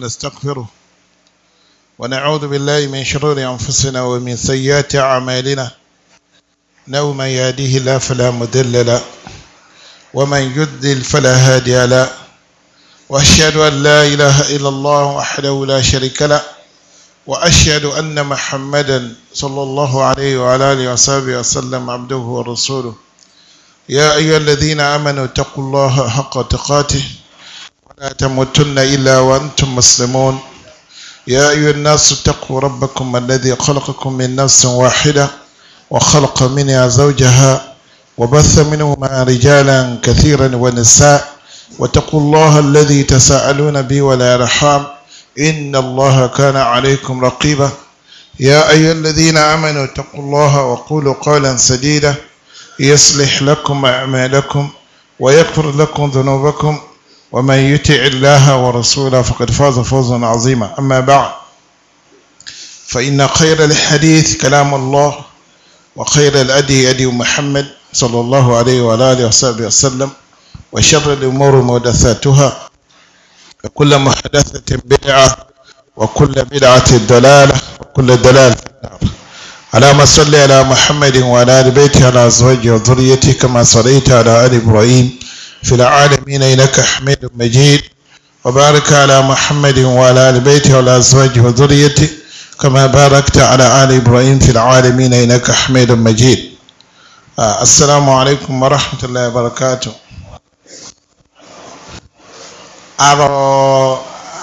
ونستغفره ونعوذ بالله من شرور أنفسنا ومن سيئات أعمالنا نوم يهديه لا فلا مضل له ومن يضلل فلا هادي له وأشهد أن لا إله إلا الله وحده لا شريك له وأشهد أن محمدا صلى الله عليه وعلى آله وصحبه وسلم عبده ورسوله يا أيها الذين آمنوا اتقوا الله حق تقاته لا تموتن إلا وأنتم مسلمون يا أيها الناس اتقوا ربكم الذي خلقكم من نفس واحدة وخلق منها زوجها وبث منهما رجالا كثيرا ونساء واتقوا الله الذي تساءلون به ولا رحام إن الله كان عليكم رقيبا يا أيها الذين آمنوا اتقوا الله وقولوا قولا سديدا يصلح لكم أعمالكم ويغفر لكم ذنوبكم ومن يطع الله ورسوله فقد فاز فوزا عظيما أما بعد فإن خير الحديث كلام الله وخير الأدي أدي محمد صلى الله عليه وعلى آله وصحبه وسلم وشر الأمور محدثاتها وكل محدثة بدعة وكل بدعة ضلالة وكل ضلال في النار اللهم صل على محمد وعلى آل بيته على أزواجه وذريته كما صليت على آل إبراهيم في العالمين إنك حميد مجيد وبارك على محمد وعلى آل بيته وعلى أزواجه وذريته كما باركت على آل إبراهيم في العالمين إنك حميد مجيد السلام عليكم ورحمة الله وبركاته arọ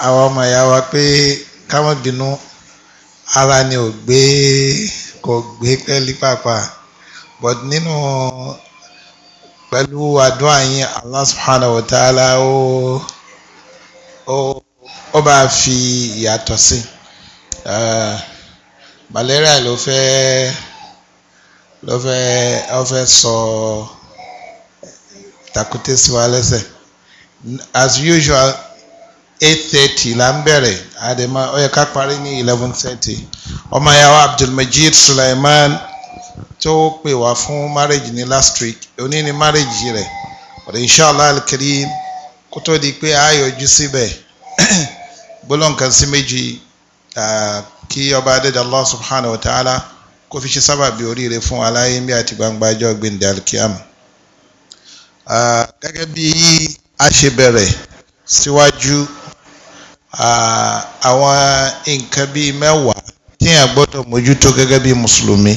àwọn ọmọ ìyá wa pé káwọn bínú ara ni ò gbé kò gbé pẹ́ẹ́lí pàápàá but nínú pẹ̀lú àdúrà yín Allah subhanahu wa ta'ala ó ó bá fi ìyàtọ̀ sí eh, malaria ló fẹ́ ló fẹ́ ó fẹ́ sọ takute sí lẹ́sẹ̀ as usual eight thirty la ń bẹ̀rẹ̀ àdèmọ́ ó yẹ ká parí ní eleven thirty ọmọ yàrá Abdulmajid Sulaiman tó pè wá fún marriage ní last week òní ni marriage rẹ̀ ọ̀rẹ́ inṣàlá al-karim kó tó di pé ayọ̀jú síbẹ̀ gbólóǹkan sí méjì kí ọba adéda allah subhanahu wa ta'ala kó fi ṣe sábàbí oríire fún aláyé mi àti gbangba ọjọ́ gbẹ̀ndẹ̀ alkiyama gẹ́gẹ́ bí a ṣe bẹ̀rẹ̀ síwájú àwọn nǹkan bíi mẹ́wàá tí a mójútó gẹ́gẹ́ bí mùsùlùmí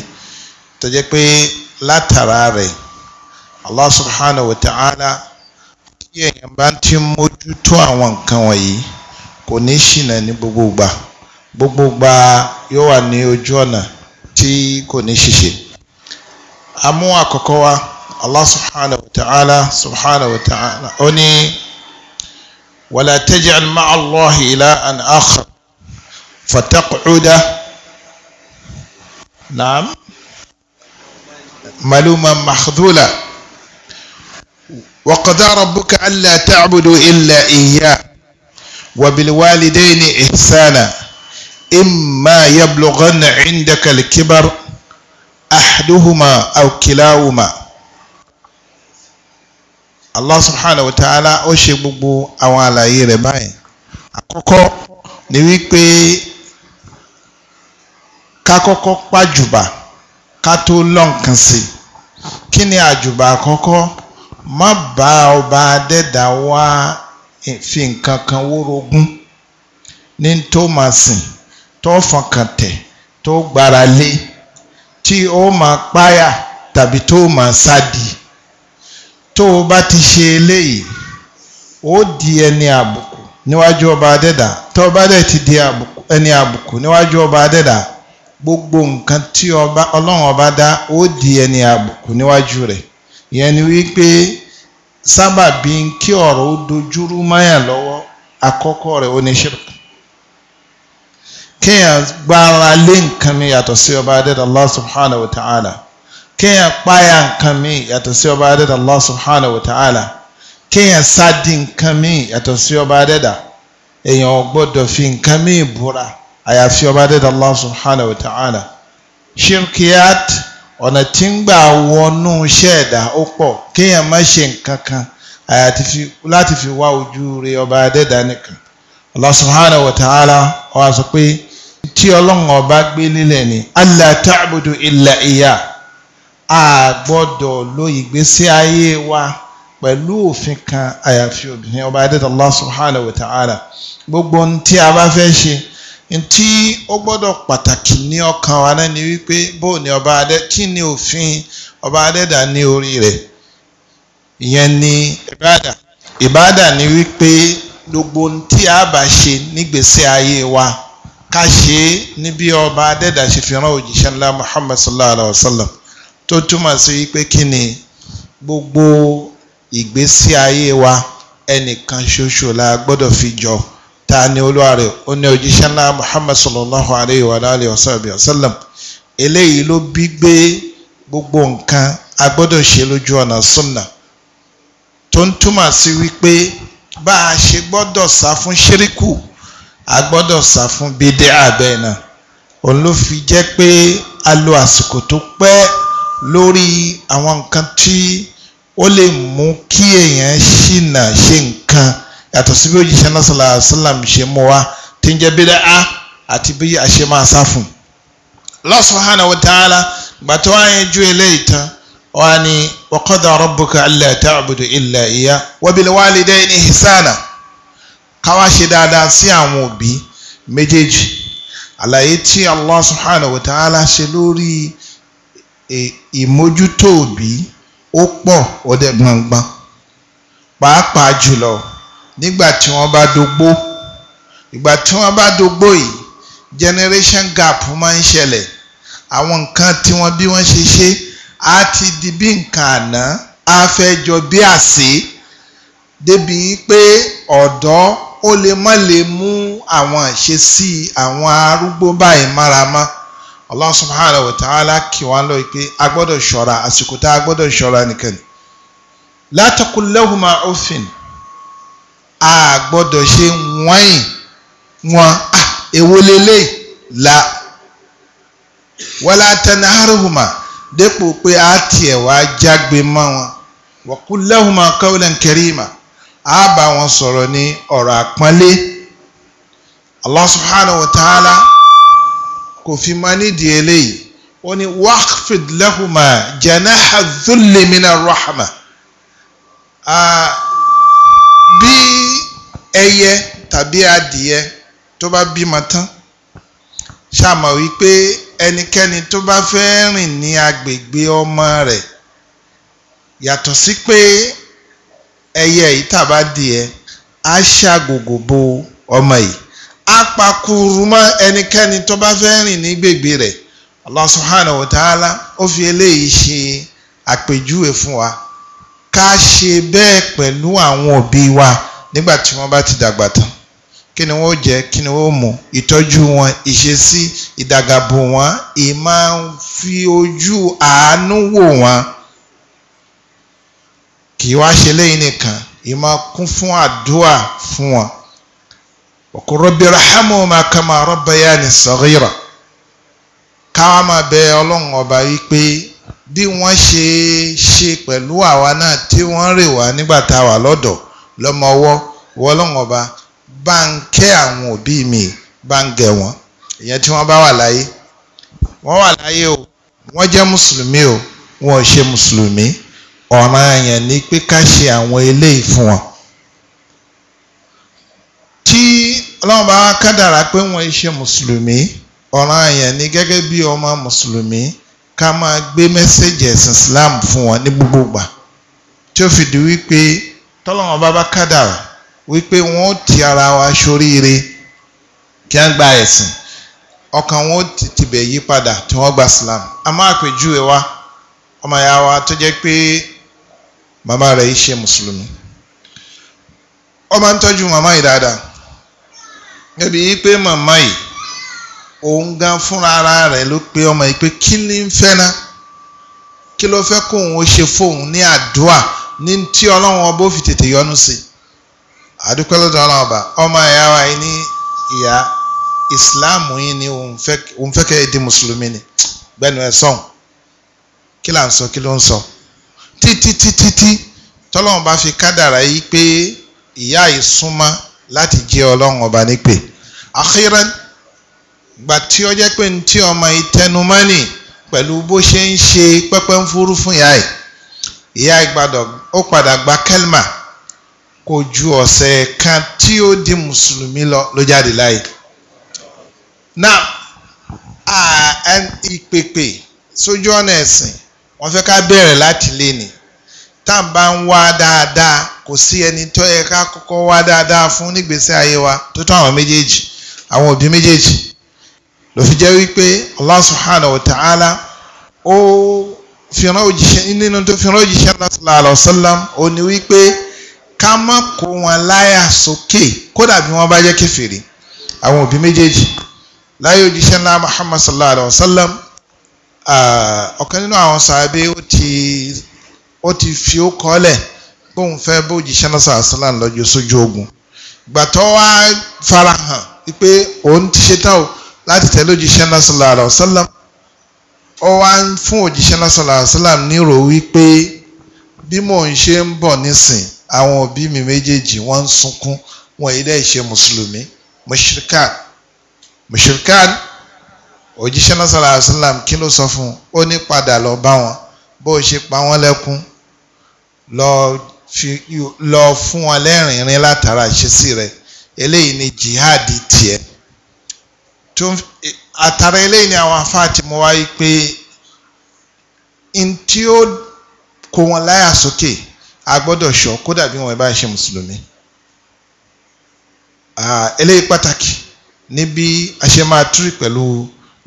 tó jẹ́ pé látara rẹ̀ Allah subhanahu wa ta'ala tí èèyàn bá ti mójútó àwọn nǹkan wọ̀nyí kò ní ṣìnà ní gbogbo gbà gbogbo gbà yóò wà ní ojú ọ̀nà tí kò ní ṣiṣẹ́ amú àkọ́kọ́ wa Allah subhanahu wa ta'ala subhanahu wa ta'ala ó ní wala taj'al ma'a Allahi ilahan akhar fataq'uda naam. ملوما مخذولا وقضى ربك ألا تعبدوا إلا إياه وبالوالدين إحسانا إما يبلغن عندك الكبر أحدهما أو كلاهما الله سبحانه وتعالى ta'ala ó ṣe gbogbo àwọn àlàyé ni wípé ká kọ́kọ́ ká tó lọ́nkàn sí kí ni àjùbà àkọ́kọ́ má bá ọba adẹ́dà wá eh, fi nǹkan kan wórogún ní tó máa sìn tó fọkàn tẹ̀ tó gbára lé tí ó máa páyà tàbí tó máa sádi tó o bá ti ṣe eléyìí ó di ẹni àbùkù níwájú ọba adẹ́dà tó o bá ti di ẹni àbùkù níwájú ọba adẹ́dà gbogbo nǹkan tí ọlọ́run ọba dá ó di ẹni àbùkù níwájú rẹ̀ ìyẹn ni wípé sábàbí kí ọ̀rọ̀ ó dojúrú máyà lọ́wọ́ àkọ́kọ́ rẹ̀ ó ní ṣírkù kéèyàn gbára lé nǹkan mi yàtọ̀ sí ọba adẹ́dàá Allah subhanahu wa ta'ala kéèyàn páyà nǹkan mi yàtọ̀ sí ọba adẹ́dàá Allah subhanahu wa ta'ala kéèyàn sáàdì nǹkan mi yàtọ̀ sí ọba adẹ́dàá èèyàn ò gbọ́dọ̀ fi nǹkan mi búra àyàfi ọba dẹ́dà Allah subhanahu wa ta'ala shirkiyat ọ̀nà tí ń gbà wọnú ṣẹ̀dá ó pọ̀ kéèyàn má ṣe nǹkan kan láti fi wá ojú rẹ ọba dẹ́dà nìkan Allah subhanahu wa ta'ala ó wá sọ pé tí ọlọ́run ọba gbé nílẹ̀ ni alla ta'budu illa iya a gbọ́dọ̀ lo ìgbésí ayé wa pẹ̀lú òfin kan àyàfi obìnrin ọba dẹ́dà Allah subhanahu wa ta'ala gbogbo ohun tí a bá fẹ́ ṣe ntí ó gbọ́dọ̀ pàtàkì ní ọkàn wa náà ni wípé bó ni ọba adé kí ni òfin ọba adẹ́dà ní orí rẹ̀ ìyẹn ni ìbádà ìbádà ni wípé gbogbo tí a bá ṣe nígbèsè ayé wa ká ṣe é ní bí ọba adẹ́dà ṣe fi rán òjíṣẹ́ ńlá Muhammad sallallahu alayhi wa sallam tó túmọ̀ sí wípé kí ni gbogbo ìgbésí ayé wa ẹnìkan ṣoṣo la gbọ́dọ̀ fi jọ. taani ni olúwa ó ní òjíṣẹ́ ńlá muhammad sallallahu alayhi wa alayhi wa sallam eléyìí ló bí gbogbo nǹkan a gbọ́dọ̀ ṣe lójú ọ̀nà sunna tó ń túmọ̀ sí wípé bá a ṣe gbọ́dọ̀ sá fún ṣíríkù a sá fún bídẹ́ àbẹ́ náà òun ló fi jẹ́ pé a lo àsìkò tó pẹ́ lórí àwọn nǹkan tí ó lè yàtọ̀ sí bí òjíṣẹ́ náà sọ̀lá sọ́làm ṣe mú wa tí ń jẹ́ bídà á àti bí a ṣe máa sá fún un. Allah subhanahu wa ta'ala gbàtọ́ wáyé ju eléyìí tán wọ́n ní wa qada rabbuka alla ta'budu illa iya wa bil walidayni ihsana káwá ṣe dáadáa sí àwọn òbí méjèèjì àlàyé tí Allah subhanahu wa ta'ala ṣe lórí e, ìmójútó òbí ó pọ̀ ọdẹ gbọ̀ngbọ̀n pàápàá jùlọ nígbà tí wọ́n bá dogbó ìgbà tí wọ́n bá dogbó yìí generation gap máa ń ṣẹlẹ̀ àwọn nǹkan tí wọ́n bí wọ́n ṣe ṣe á ti di bí nǹkan àná á fẹ́ jọ bí àsè débi pé ọ̀dọ́ ó lè má lè mú àwọn ìṣesí àwọn arúgbó báyìí mára mọ́ Allah subhanahu wa ta'ala kì wá lọ pé a gbọ́dọ̀ ṣọ́ra àsìkò tá a gbọ́dọ̀ ṣọ́ra nìkan la taqul lahuma a gbọ́dọ̀ ṣe wọ́nyìn wọn èwo lélẹ̀ la wala tanharhuma dépò pé a tiẹ̀ wá jágbe mọ́ wọn wa qul lahuma qawlan karima a bá wọn sọ̀rọ̀ ní ọ̀rọ̀ àpọ́nlé Allah subhanahu wa ta'ala kò fi máa nídìí eléyìí ó ní waqfid lahuma janaha dhulli mina rahma. Uh, bí ẹyẹ tàbí adìẹ tó bá bímọ tán ṣàmọ̀ wípé ẹnikẹ́ni tó bá fẹ́ rìn ní agbègbè ọmọ rẹ̀ yàtọ̀ sí pé ẹyẹ yìí tàbá adìẹ á ṣàgògò bo ọmọ yìí á pakuru mọ́ ẹnikẹ́ni tó bá fẹ́ rìn ní gbègbè ó fi eléyìí ṣe àpèjúwe fún wa. ká ṣe bẹ́ẹ̀ pẹ̀lú àwọn òbí wa nígbà tí wọ́n bá ti dàgbà tán kí ni wọ́n jẹ kí ni wọ́n mu ìtọ́jú wọn ìṣesí ìdàgàbò wọn ìmá fi ojú àánú wò wọn kì í wá ṣe lẹ́yìn nìkan ìmá kún fún àdúà fún wọn ọkọ rọbì rahamuhuma kama rọbàyà ni sọ̀rọ̀ ká wá máa bẹ ọlọ́run ọba yìí pé bí wọ́n ṣe ṣe pẹ̀lú àwa náà tí wọ́n rè wá nígbà tá a wà lọ́dọ̀ lọ́mọ ọwọ́ wọ́lọ́wọ́n ọba bá ń kẹ́ àwọn òbí mi bá ń gẹ̀ wọ́n ìyẹn tí wọ́n bá wà láyé wọ́n wà láyé o wọ́n jẹ́ mùsùlùmí o wọn ṣe mùsùlùmí ọ̀ràn yẹn ni pé ká ṣe àwọn eléyìí fún wọn. tí ọlọ́run bá wá kádàrá pé wọ́n ṣe mùsùlùmí ọ̀ràn yẹn ni gẹ́gẹ́ bí ọmọ mùsùlùmí ká máa gbé mẹ́sẹ̀gì ẹ̀sìn Islam fún wọn ní gbogbo ìgbà tí ó fi di wípé tọ́lọ́wọ́n bá bá kádàrà wípé wọ́n ó ti ara wa ṣoríire kí wọ́n gba ẹ̀sìn ọkàn wọn ó ti tibẹ̀ yí padà tí wọ́n gba Islam a máa pèjúwe wa ọmọ ìyá wa tó jẹ́ pé màmá rẹ̀ yìí ṣe mùsùlùmí ó máa ń tọ́jú màmá yìí dáadáa ẹbí yìí pé màmá yìí òun gan fúnra ara rẹ̀ ló pe ọmọ yìí pé kí ni ń fẹ́ ná kí ló fẹ́ kóun ó ṣe fóun ní àdúà ní tí ọlọ́run ọba ó fi tètè yọ́nú sí àdúpẹ́ lọ́dọ̀ ọlọ́run ọba ọmọ ìyá wa yìí ní ìyá islam yìí ni òun fẹ́ kẹ́ ẹ di mùsùlùmí ni gbẹ́nu ẹ̀ sọ̀hún kí là ń sọ kí ló ń sọ títí títí tí tọ́lọ́run bá fi kádàrá yìí pé ìyá yìí súnmọ́ láti jẹ́ ọlọ́run ọba nípè akhiran gbà tí ó jẹ́ pé ní tí ọmọ ìtẹnumọ́nì pẹ̀lú bó ṣe ń ṣe pẹ́pẹ́ ń fúrú fún ìyá ẹ̀ ìyá ìgbàdọ̀ ó padà gba kẹ́lmà kò ju ọ̀sẹ̀ kan tí ó di mùsùlùmí lọ ló jáde láyé now ìpèpè sójú ọ̀nà ẹ̀sìn wọ́n fẹ́ ká bẹ̀rẹ̀ láti lé ni tá à ń bá ń wá dáadáa kò sí ẹni tó yẹ ká kọ́kọ́ wá dáadáa fún nígbésí ayé wa tó tó àwọn méjèèjì àwọn òbí méjèèjì ló fi jẹ́ wípé Allah subhanahu wa ta'ala ó fìràn òjíṣẹ́ nínú tó fìràn òjíṣẹ́ sallallahu alaihi wasallam ó ní wípé ká má kó wọn láyà sókè kódà bí wọ́n bá jẹ́ kèfèrí àwọn òbí méjèèjì láyé òjíṣẹ́ ńlá Muhammad sallallahu alaihi wasallam ọ̀kan nínú àwọn sàábé ó ti ó ti fi ó kọ́lẹ̀ bóun fẹ́ bójíṣẹ́ ńlá sallallahu alaihi lọ́jọ́ sójú ogun gbàtọ́ wá farahàn wípé òun ti ṣe tán o láti tẹ̀lé òjíṣẹ́ náà sallallahu alaihi wasallam ó wá ń fún òjíṣẹ́ náà sallallahu alaihi wasallam nírò wípé bí mò ń ṣe ń bọ̀ nísìn àwọn òbí mi méjèèjì wọ́n ń sunkún wọn èyí dẹ́ ṣe mùsùlùmí mushrikan mushrikan òjíṣẹ́ náà sallallahu alaihi wasallam kí ló sọ fún un ó ní padà lọ bá wọn bó ṣe pa wọ́n lẹ́kún lọ fún wọn lẹ́rìnrín látara ìṣesí rẹ̀ eléyìí ni jihad tiẹ̀ tó ń àtàrà eléyìí ni àwọn afá ti mú wáyé pé n tí ó kó wọn láyà sókè a gbọ́dọ̀ sọ kódà bí wọn bá ń ṣe mùsùlùmí eléyìí pàtàkì níbi a ṣe máa túrì pẹ̀lú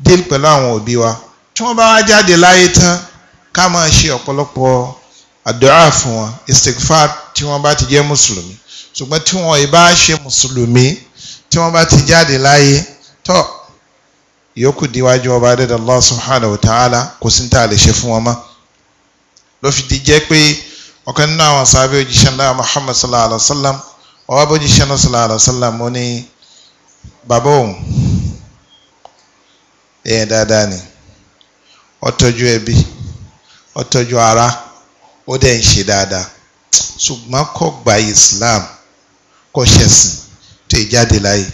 díl pẹ̀lú àwọn òbí wa tí wọ́n bá wá jáde láyé tán ká máa ṣe ọ̀pọ̀lọpọ̀ àdúrà fún wọn istighfar tí wọ́n bá ti jẹ́ mùsùlùmí ṣùgbọ́n tí wọ́n ì bá ṣe mùsùlùmí tí wọ́n bá ti jáde láyé tọ́ ìyókù díwájú ọba adẹ́dàá Allah subhanahu wa ta'ala kò sí tá a lè ṣe fún wọn mọ́ ló fi di jẹ́ pé ọ̀kan nínú àwọn sábẹ́ òjíṣẹ́ ńlá Muhammad sallallahu alayhi wa sallam ọba bójíṣẹ́ náà sallallahu alayhi wa sallam ó ní bàbá òun èèyàn dáadáa ni ó tọ́jú ẹbí ó tọ́jú ara ó dẹ̀ ń ṣe dáadáa ṣùgbọ́n kò gba Islam kò ṣẹ̀sìn tó jáde láyé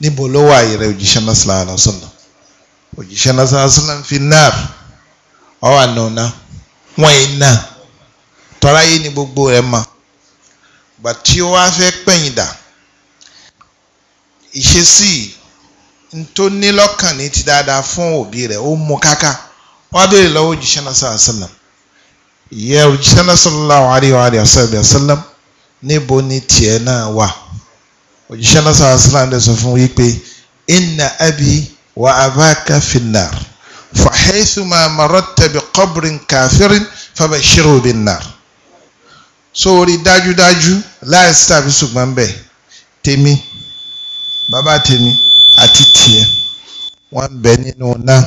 níbo ló wà ayẹrẹ òjíṣẹ́ náà sallallahu alaihi wasallam òjíṣẹ́ náà sallallahu alaihi wasallam fi náà ọwà nùnà wọn iná tọ́ráyé ni gbogbo rẹ̀ mọ̀ gbà tí ó wá fẹ́ pẹ̀yìn dà ìṣesí tó ní lọ́kàn ní ti dáadáa fún òbí rẹ̀ ó mú káká wọ́n á béèrè lọ́wọ́ òjíṣẹ́ náà ìyẹ́ òjíṣẹ́ náà sallallahu alaihi wasallam níbo ni tiẹ̀ náà wà òjíṣẹ́ náà sọ̀rọ̀ sílám dẹ̀ sọ fún wí pé inna abi wa abaka finnar fàhẹ́sùmá marotta bi qabrin kafirin fabashiru bin nar sórí dájúdájú láìsí tàbí ṣùgbọ́n bẹ́ẹ̀ tèmi bàbá tèmi àti tiẹ̀ wọ́n bẹ nínú náà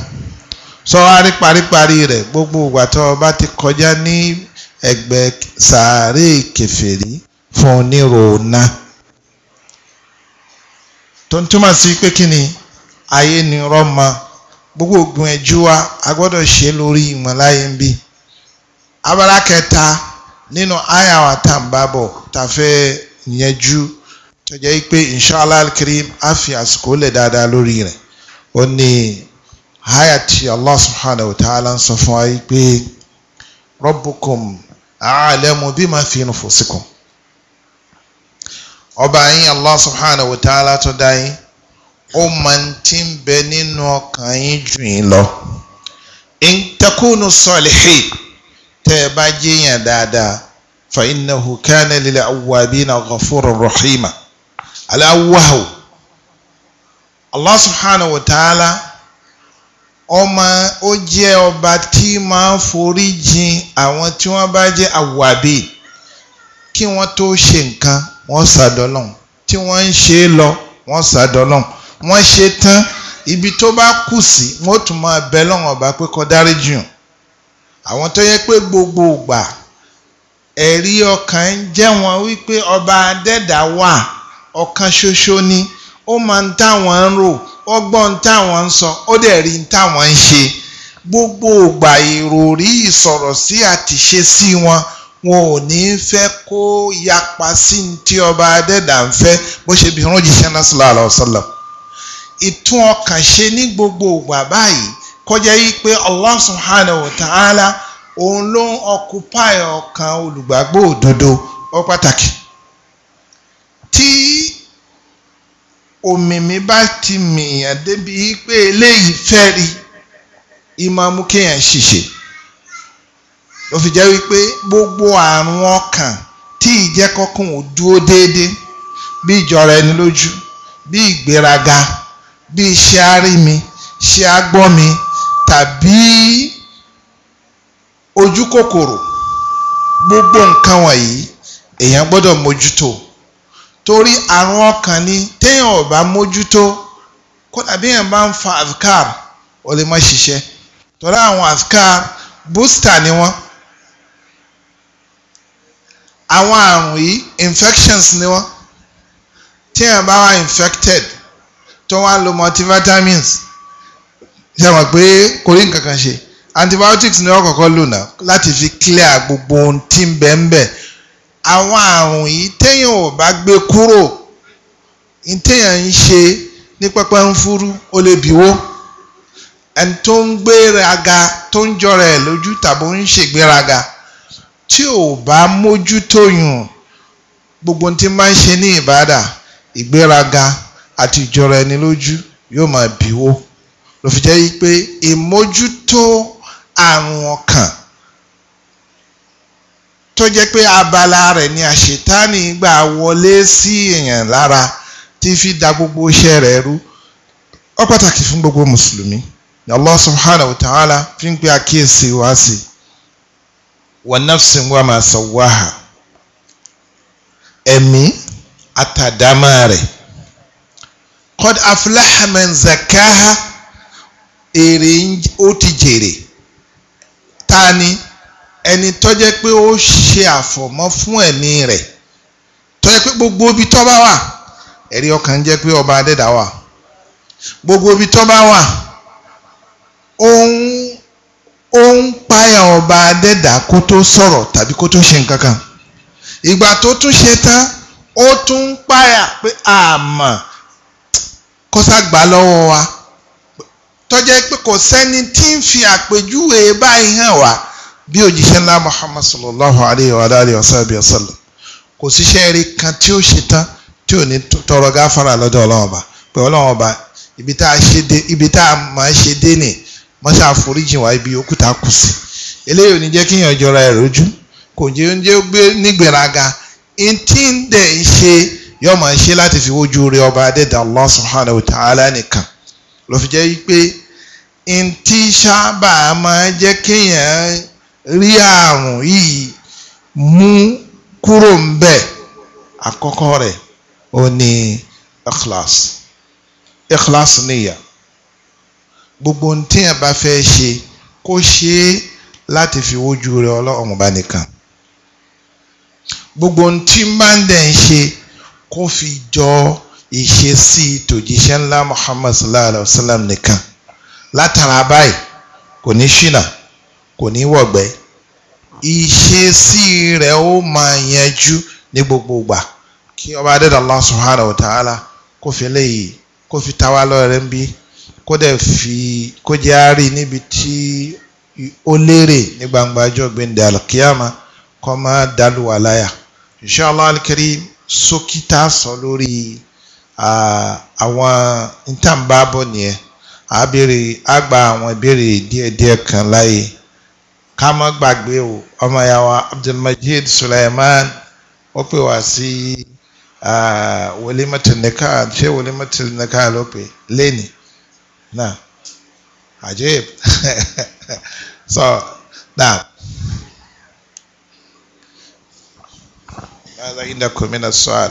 sọ wárí paríparí rẹ̀ gbogbo ìgbà tó o ti kọjá ní ẹgbẹ́ sàárè kẹfẹ́rí fún onírò náà tó ń túmọ̀ sí pé kí ni ayé ni rọ́mọ gbogbo ògùn ẹ̀jú wa a gbọ́dọ̀ ṣe lórí ìmọ̀láyé ń bí abala kẹta nínú àyà wa tá n bá bọ̀ tá fẹ́ yẹjú tó jẹ́ pé inshallah al á fi àsìkò lẹ̀ dáadáa lórí rẹ̀ ó ní àyà tí Allah subhanahu wa ta'ala ń sọ fún wa pé rabbukum a'lamu bima fi nufusikum ọba yín allah subhanahu wa ta'ala tó dá yín ó máa ń ti ń bẹ nínú ọkàn yín jù yín lọ in takunu salihin tẹ́ ẹ bá jẹ́yàn dáadáa fa innahu kana lil awwabina ghafurur rahima aláwàhù allah subhanahu wa ta'ala ọmọ ó jẹ́ ọba tí máa forí jìn àwọn tí wọ́n bá jẹ́ awwabi kí wọ́n tó ṣe nǹkan wọ́n sàdọ́lọ́n tí wọ́n ń ṣe é lọ wọ́n sàdọ́lọ́n wọ́n ṣe tán ibi tó bá kù sí wọ́n tún máa bẹ lọ́wọ́n ọba pé kó dáríjì hàn àwọn tó yẹ pé gbogbo ìgbà ẹ̀rí ọkàn ń jẹ́ wọn wípé ọba adẹ́dà wà ọ̀kan ṣoṣo ni ó máa ń táwọn ń rò ó gbọ́ ń táwọn ń sọ ó dẹ̀ rí ń táwọn ń ṣe gbogbo ìgbà ìròrí ìsọ̀rọ̀ sí àtìṣe sí wọn. Si wọn ò ní fẹ́ kó yapa sí tí ọba adẹ́dà ń fẹ́ bó ṣe bí wọ́n jíṣẹ́ náà sallallahu alaihi wasallam ìtún ọkàn ṣe ní gbogbo ìgbà báyìí kọjá yìí pé Allah subhanahu wa ta'ala òun ló ń occupy ọkàn olùgbàgbọ́ òdodo ó pàtàkì tí òmìmí bá ti mìíyàn débi pé eléyìí fẹ́ rí ìmọ̀ mú kéèyàn ló fi jẹ́ wípé gbogbo àrùn ọkàn tí ìjẹ́kọ́kùn ò dúró déédé bí ìjọra ẹni lójú bí ìgbéraga bí iṣẹ́ àrími ṣe agbọ́mi tàbí ojú kòkòrò gbogbo nǹkan wọ̀nyí èèyàn gbọ́dọ̀ mójútó torí àrùn ọkàn ni téèyàn ò bá mójútó kódà bí èèyàn bá ń fa azkar ó lè má ṣiṣẹ́ torí àwọn azkar bústà ni wọ́n àwọn àrùn yìí infections ni wọ́n tí èèyàn bá wà infected tó wá lo multivitamins ṣe mọ̀ pé kò rí nǹkan kan ṣe antibiotics ni wọ́n kọ́kọ́ lò náà láti fi clear gbogbo ohun tí ń bẹ ń bẹ àwọn àrùn yìí téèyàn ò bá gbé kúrò téèyàn ń ṣe ní pẹ́pẹ́ ń fúrú ó lè bíwó ẹni tó ń gbéraga tó ń jọra ẹ̀ lójú tàbí ó ń ṣègbéraga tí ò bá mójútó yùn gbogbo tí máa ń ṣe ní ìbádà ìgbéraga àti ìjọra ẹni lójú yóò máa bíwó ló fi jẹ́ pé ìmójútó àrùn ọkàn tó jẹ́ pé abala rẹ̀ ni àṣetánì gbà wọlé sí èèyàn lára tí fi da gbogbo iṣẹ́ rẹ̀ rú ó pàtàkì fún gbogbo mùsùlùmí Allah subhanahu wa ta'ala fi ń pe àkíyèsí wá sí i wa nafsin wa ma sawaha ẹ̀mí àtàdámà rẹ̀ qad aflaha man zakaha èrè ó ti jèrè ta ni ẹni tó jẹ́ pé ó ṣe àfọ̀mọ́ fún ẹ̀mí rẹ̀ tó jẹ́ pé gbogbo ibi tó bá wà ẹ̀rí ọkàn jẹ́ pé ọba adẹ́dá wà gbogbo ibi tó bá wà òun ó ń páyà ọba adẹ́dà kó tó sọ̀rọ̀ tàbí kó tó ṣe nǹkan kan ìgbà tó tún ṣe tán ó tún ń páyà pé àmọ́ kọ́sàgbà lọ́wọ́ wa tọ́jẹ́ pé kò sẹ́ni tí ń fi àpèjúwe báyìí hàn wá bí òjíṣẹ́ ńlá Muhammad sallallahu alayhi wa alayhi wa sallam wa sallam kò síṣẹ́ rí kan tí ó ṣe tán tí ò ní tọrọ gáfárà lọ́dọ̀ ọlọ́wọ́n ọba pé ọlọ́wọ́n ọba ibi tá a mọ̀ ṣe dé nìyí mọ́ṣá àforíjìn wá ibi òkúta kù sí eléyìí ò ní jẹ́ kíyàn jọra ẹ̀ rójú kò jẹ́ oúnjẹ gbé nígbèraga ntí ń dẹ̀ ń ṣe yọ máa ṣe láti fi wojú rẹ ọba adẹ́dà Allah subhanahu wa ta'ala nìkan ló fi jẹ́ pé ntí sábà máa jẹ́ kíyàn rí àrùn yìí mú kúrò ń bẹ̀ àkọ́kọ́ rẹ̀ ó ní ikhlas ikhlas níyà gbogbo ohun tí yẹn bá fẹ́ ṣe kó ṣe é láti fi wójú rẹ ọlọ́run bá nìkan gbogbo ohun tí máa ń dẹ̀ ń ṣe kó fi jọ ìṣesí tòjíṣẹ́ ńlá Muhammad sallallahu alayhi wa sallam nìkan látara báyìí kò ní ṣìnà kò ní wọ̀gbẹ́ ìṣesí rẹ̀ ó máa yanjú ní gbogbo ìgbà kí ọba adédọ̀lá subhanahu wa ta'ala kó fi léyìí kó fi táwa lọ́rẹ́ ń bí kó dẹ̀ fi kó jẹ́ àárí níbi tí ó lérè ní gbangba ọjọ́ gbẹ̀ndẹ̀ alkiyama kọ́ máa dálù wà láyà inshallah alkarim sókítà sọ lórí àwọn ntàǹbàbọ̀ nìyẹn àbèrè àgbà àwọn ìbéèrè díẹ̀díẹ̀ kan láyé ká má gbàgbé o ọmọ ìyá wa abdulmajid suleiman ó pè wá sí wòlímọ̀tì nìkan ṣé wòlímọ̀tì nìkan ló pè lẹ́nìí. Now, Ajib. so, now. ماذا عندكم من السؤال؟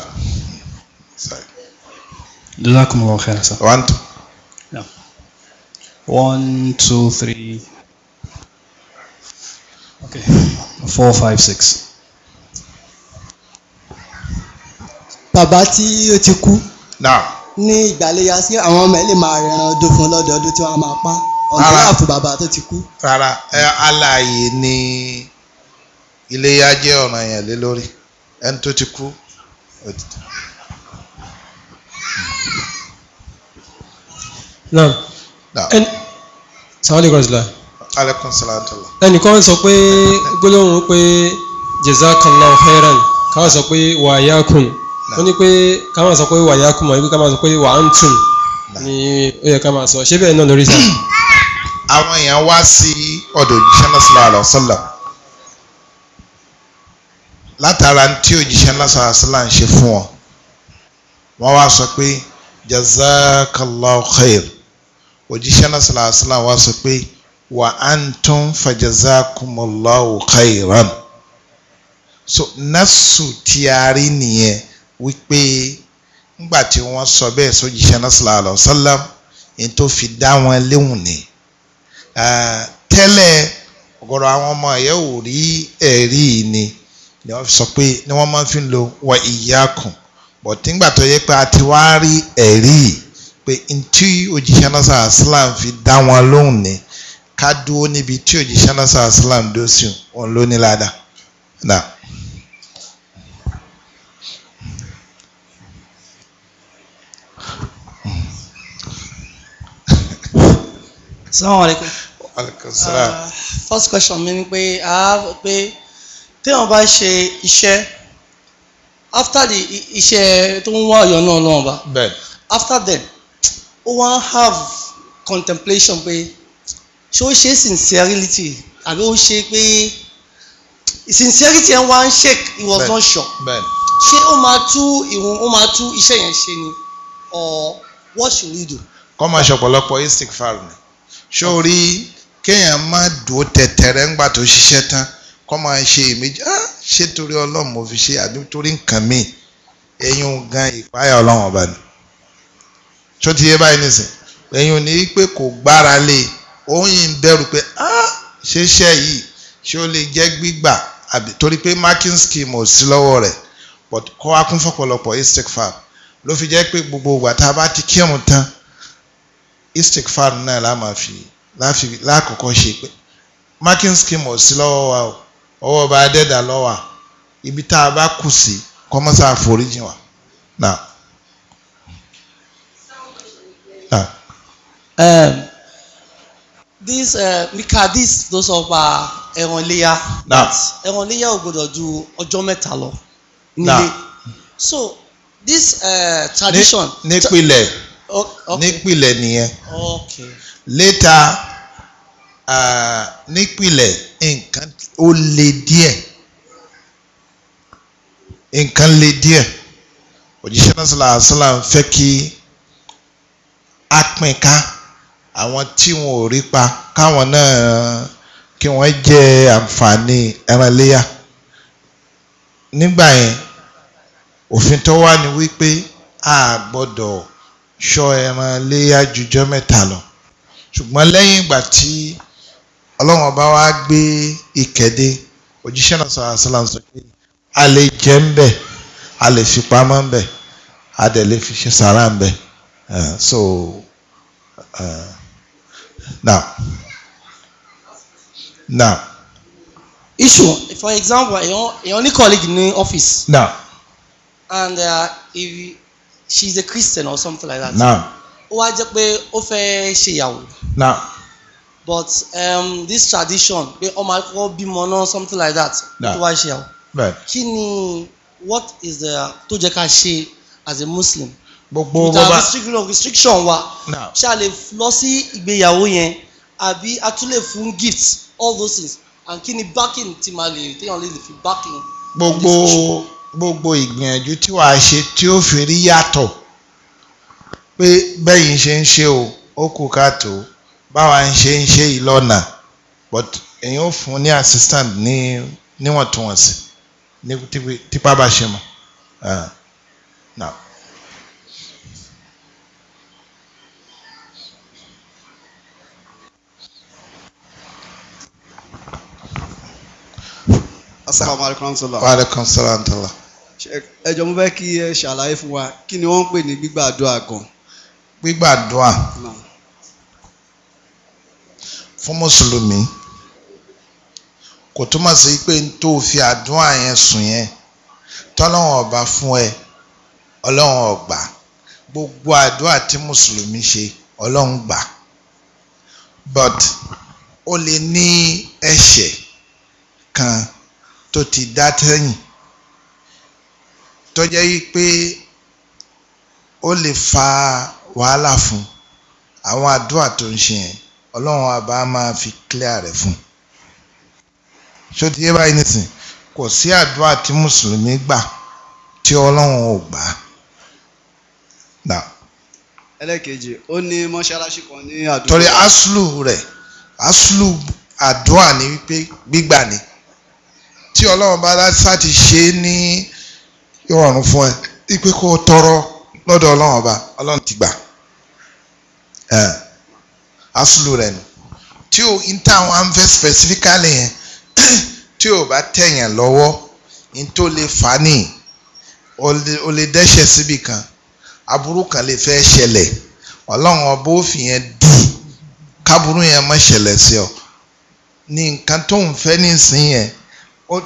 جزاكم الله خيرا sir. وأنتم؟ نعم. One, two, three. Okay. Four, five, six. Bàbá tí ó ní ìgbàléyà sí àwọn ọmọ ẹ lè máa rẹran ọdún fún lọ́dọọdún tí wọ́n máa pa ọ̀dọ́ àfù bàbá tó ti kú. rárá alààyè ni iléyà jẹ́ ọ̀ràn yẹn lé lórí ẹni tó ti kú. naam ẹni sàwọn lè gbọ́dọ̀ alaikum salaam tala. ẹnìkan sọ pé gbólóhùn pé jazakallahu khairan káwọn sọ pé wa yakum wọ́n ní pé ká máa sọ pé wà yá kùmọ̀ ibi ká máa sọ pé wà á ń tùn ni ó yẹ ká máa sọ ṣé bẹ́ẹ̀ náà lórí sá. àwọn èèyàn wá sí ọ̀dọ̀ òjíṣẹ́ náà sallallahu alaihi wasallam látara tí òjíṣẹ́ náà sallallahu alaihi ń ṣe fún ọ wọ́n wá sọ pé jazakallahu òjíṣẹ́ náà sallallahu alaihi wá sọ pé wa antum fajazakumullahu khairan so nasu tiari nìyẹn wípé ńgbà tí wọ́n sọ bẹ́ẹ̀ sójíṣẹ́ náà sallallahu alaihi wasallam ní tó fi dá wọn léwùn ni tẹ́lẹ̀ ọ̀gọ̀rọ̀ àwọn ọmọ ẹ̀yẹ́ ò rí ẹ̀rí ni ni wọ́n sọ pé ni wọ́n máa fi ń lo wọ ìyákùn bọ̀tí ńgbà tó yẹ pé a ti wá rí ẹ̀rí pé ntí òjíṣẹ́ náà sallallahu alaihi wasallam fi dá wọn lóhùn ni ká dúró níbi tí òjíṣẹ́ náà sallallahu alaihi dó sí òun ló ládàá. Assalamu alaikum. alaikum salaam. Uh, first question mi ni pé a pé téèyàn bá ṣe iṣẹ́ after the iṣẹ́ tó ń wá ọ̀yọ́ náà náà bá. bẹ́ẹ̀. after then ó wá have contemplation pé ṣé ó ṣe sincerity àbí ó ṣe pé sincerity ẹ̀ wá shake he was ben. not sure. bẹ́ẹ̀. ṣé ó máa tú ìwọ̀n ó máa tú iṣẹ́ yẹn ṣe ni or what should we do. kọ́ máa ṣọ̀pọ̀lọpọ̀ istikfar ni sórí kéèyàn má dùn tẹ̀tẹ̀rẹ̀ ńgbà tó ṣiṣẹ́ tán kọ́ máa ṣe èméjì á ah, ṣé torí ọlọ́run mo fi ṣe àbí torí nǹkan míì ẹ̀yin gan ìpáyà ọlọ́run ọba ni tó ti yé báyìí nìsín ẹ̀yin ní pé kò gbára lé òun e. ń bẹ̀rù pé á ah, ṣe iṣẹ́ yìí ṣé ó lè jẹ́ gbígbà àbí torí pé marking scheme ò sí lọ́wọ́ rẹ̀ kọ́ akún fọ́pọ̀lọpọ̀ istikfar ló fi jẹ́ pé gbogbo ìgbà tá a bá ti kírun tán istikfar náà la máa fi láfi lákòókò ṣe pé marking scheme ò sí lọ́wọ́ wa o ọwọ́ bá dẹ́dà lọ́wọ́ ibi tá a bá kù sí kọ́mọ́sá àforíjì wa. Um, this uh, mika this ló sọ pa ẹran iléyà ẹran iléyà ò gbọdọ̀ ju ọjọ́ mẹ́ta lọ nílé so this uh, tradition. nípìnlẹ̀ nípìlẹ̀ nìyẹn létà nípìlẹ̀ nǹkan ó le díẹ̀ nǹkan le díẹ̀ òjíṣẹ́ náà sọ̀rọ̀ àṣàlà ń fẹ́ kí á pín ká àwọn tí wọn ò rí pa káwọn náà kí wọ́n jẹ àǹfààní ẹran léyà nígbà yẹn òfin tó wà ní wípé a gbọ́dọ̀ sọ ẹran léyà jùjọ mẹ́ta lọ ṣùgbọ́n lẹ́yìn ìgbà tí ọlọ́run ọba wa gbé ìkẹ́dé òjíṣẹ́ náà sọ àṣàlà sọ a lè jẹ ń bẹ̀ a lè fi pamọ́ ń bẹ̀ a dẹ̀ lè fi ṣe sàrà ń bẹ̀ so uh, now now. issue for example èèyàn ní colleague ní office. now. and uh, if she's a Christian or something like that. now ó wá jẹ́ pé ó fẹ́ ṣèyàwó. now but um, this tradition pé ọmọ akọ́kọ́ bímọ náà something like that tó wá ṣèyàwó. kí ni what is the tó jẹ́ ká ṣe as a Muslim. gbogbo bó bá without restriction wa. now ṣá lè lọ sí ìgbéyàwó yẹn àbí a tún lè fún gift all those things and kí ni backing ti máa lè téèyàn lè fi backing. gbogbo gbogbo ìgbìyànjú tí wàá ṣe tí ó fi rí yàtọ̀ pé bẹ́yìn ṣe ń ṣe o ó kù káàtó báwa ń ṣe ń ṣe ìlọ́nà but èyàn ó fún ní assistant ní níwọ̀ntúnwọ̀nsì ní tipa bá ṣe mọ̀ asalaamualeykum ah, wa rahmatulah. wa rahmatulah ẹ jọ̀ọ́ mo fẹ́ kí ẹ ṣàlàyé fún wa kí ni wọ́n ń pè ní gbígbàdúrà gan. gbígbàdúrà fún mùsùlùmí kò túmọ̀ sí pé tó fi àdúrà yẹn sùn yẹn tọ́lọ́wọ̀n ọba fún ẹ ọlọ́wọ̀n ọgbà gbogbo àdúrà tí mùsùlùmí ṣe ọlọ́run gbà but ó lè ní ẹ̀ṣẹ̀ kan tó ti dá tẹ́yìn tó jẹ́ yí pé ó lè fa wàhálà fún àwọn àdúrà tó ń ṣe yẹn ọlọ́run àbá máa fi clear rẹ̀ fún ṣó ti yé báyìí nísìn kò sí àdúrà tí mùsùlùmí gbà tí ọlọ́run ò gbà á. ẹlẹ́kejì ó ní mọ́ṣáláṣí kan ní àdúgbò. torí aṣlù rẹ̀ aṣlù àdúrà ni wípé gbígbà ni tí ọlọ́run bá sá ti ṣe ní. Ni yóò rọrùn fún ẹ ipe kó tọrọ lọ́dọ̀ ọlọ́run ọba ọlọ́run ti gbà asúlù rẹ nù tí o n ta àwọn anfẹ specifically yẹn tí o bá tẹ̀yàn lọ́wọ́ n tó lè fà ní o lè dẹ́ṣẹ̀ síbi kan aburú kan lè fẹ́ ṣẹlẹ̀ ọlọ́run ọba ó fi yẹn dì káburú yẹn má ṣẹlẹ̀ sí ọ ní nǹkan tó ń fẹ́ nísìnyẹn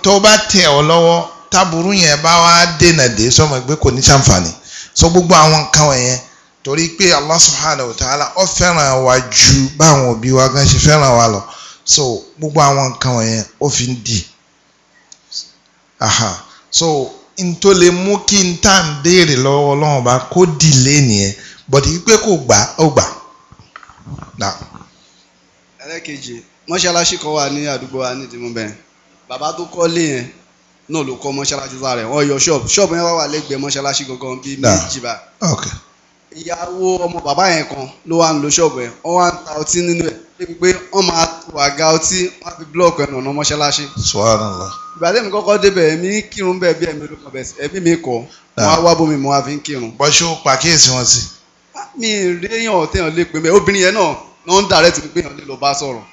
tó bá tẹ̀ ọ lọ́wọ́ taburu yẹn bá wá dènà dé sọmọ pé kò ní sàǹfààní sọ gbogbo àwọn nǹkan wọ̀nyẹn torí pé Allah subhanahu wa ta'ala ó fẹ́ràn wa ju báwọn òbí wa gan ṣe fẹ́ràn wa lọ so gbogbo àwọn nǹkan wọ̀nyẹn ó fi ń dì aha so n tó lè mú kí n tá n béèrè lọ́wọ́ ọlọ́run bá kó dì lé nìyẹn bọ̀dì pé kò gbà ó gbà. ẹlẹ́kejì mọ́ṣáláṣí kan wà ní àdúgbò wa nídìí mú bẹ́ẹ̀ bàbá tó kọ́ lé yẹn náà ló kọ́ mọ́ṣáláṣí fúnra rẹ̀ wọ́n yọ ṣọ́ọ̀bù ṣọ́ọ̀bù yẹn wá wà lẹ́gbẹ̀ẹ́ mọ́ṣáláṣí gangan bíi méjì bá. ìyàwó ọmọ bàbá yẹn kan ló wà ń lo ṣọ́ọ̀bù yẹn wọ́n wá ń ta ọtí nínú ẹ̀ débi pé wọ́n máa wà ga ọtí wọ́n fi blọ́ọ̀kì ẹnu ọ̀nà mọ́ṣáláṣí. Subhanallah. ìgbà tẹ́mi kọ́kọ́ débẹ̀ ẹ̀mí kírun bẹ́ẹ̀ bí ẹ̀mí lókàn bẹ́ẹ̀ ẹ̀mí mi kọ́ wọn á wá bómi mọ́ àfi ń kírun. bọ́ṣú pàkíyèsí wọn sí. mi ríyàn téèyàn lè pè mí obìnrin yẹn náà náà ń dàrẹ́ tìǹpé yẹn lè lọ bá sọ̀rọ̀.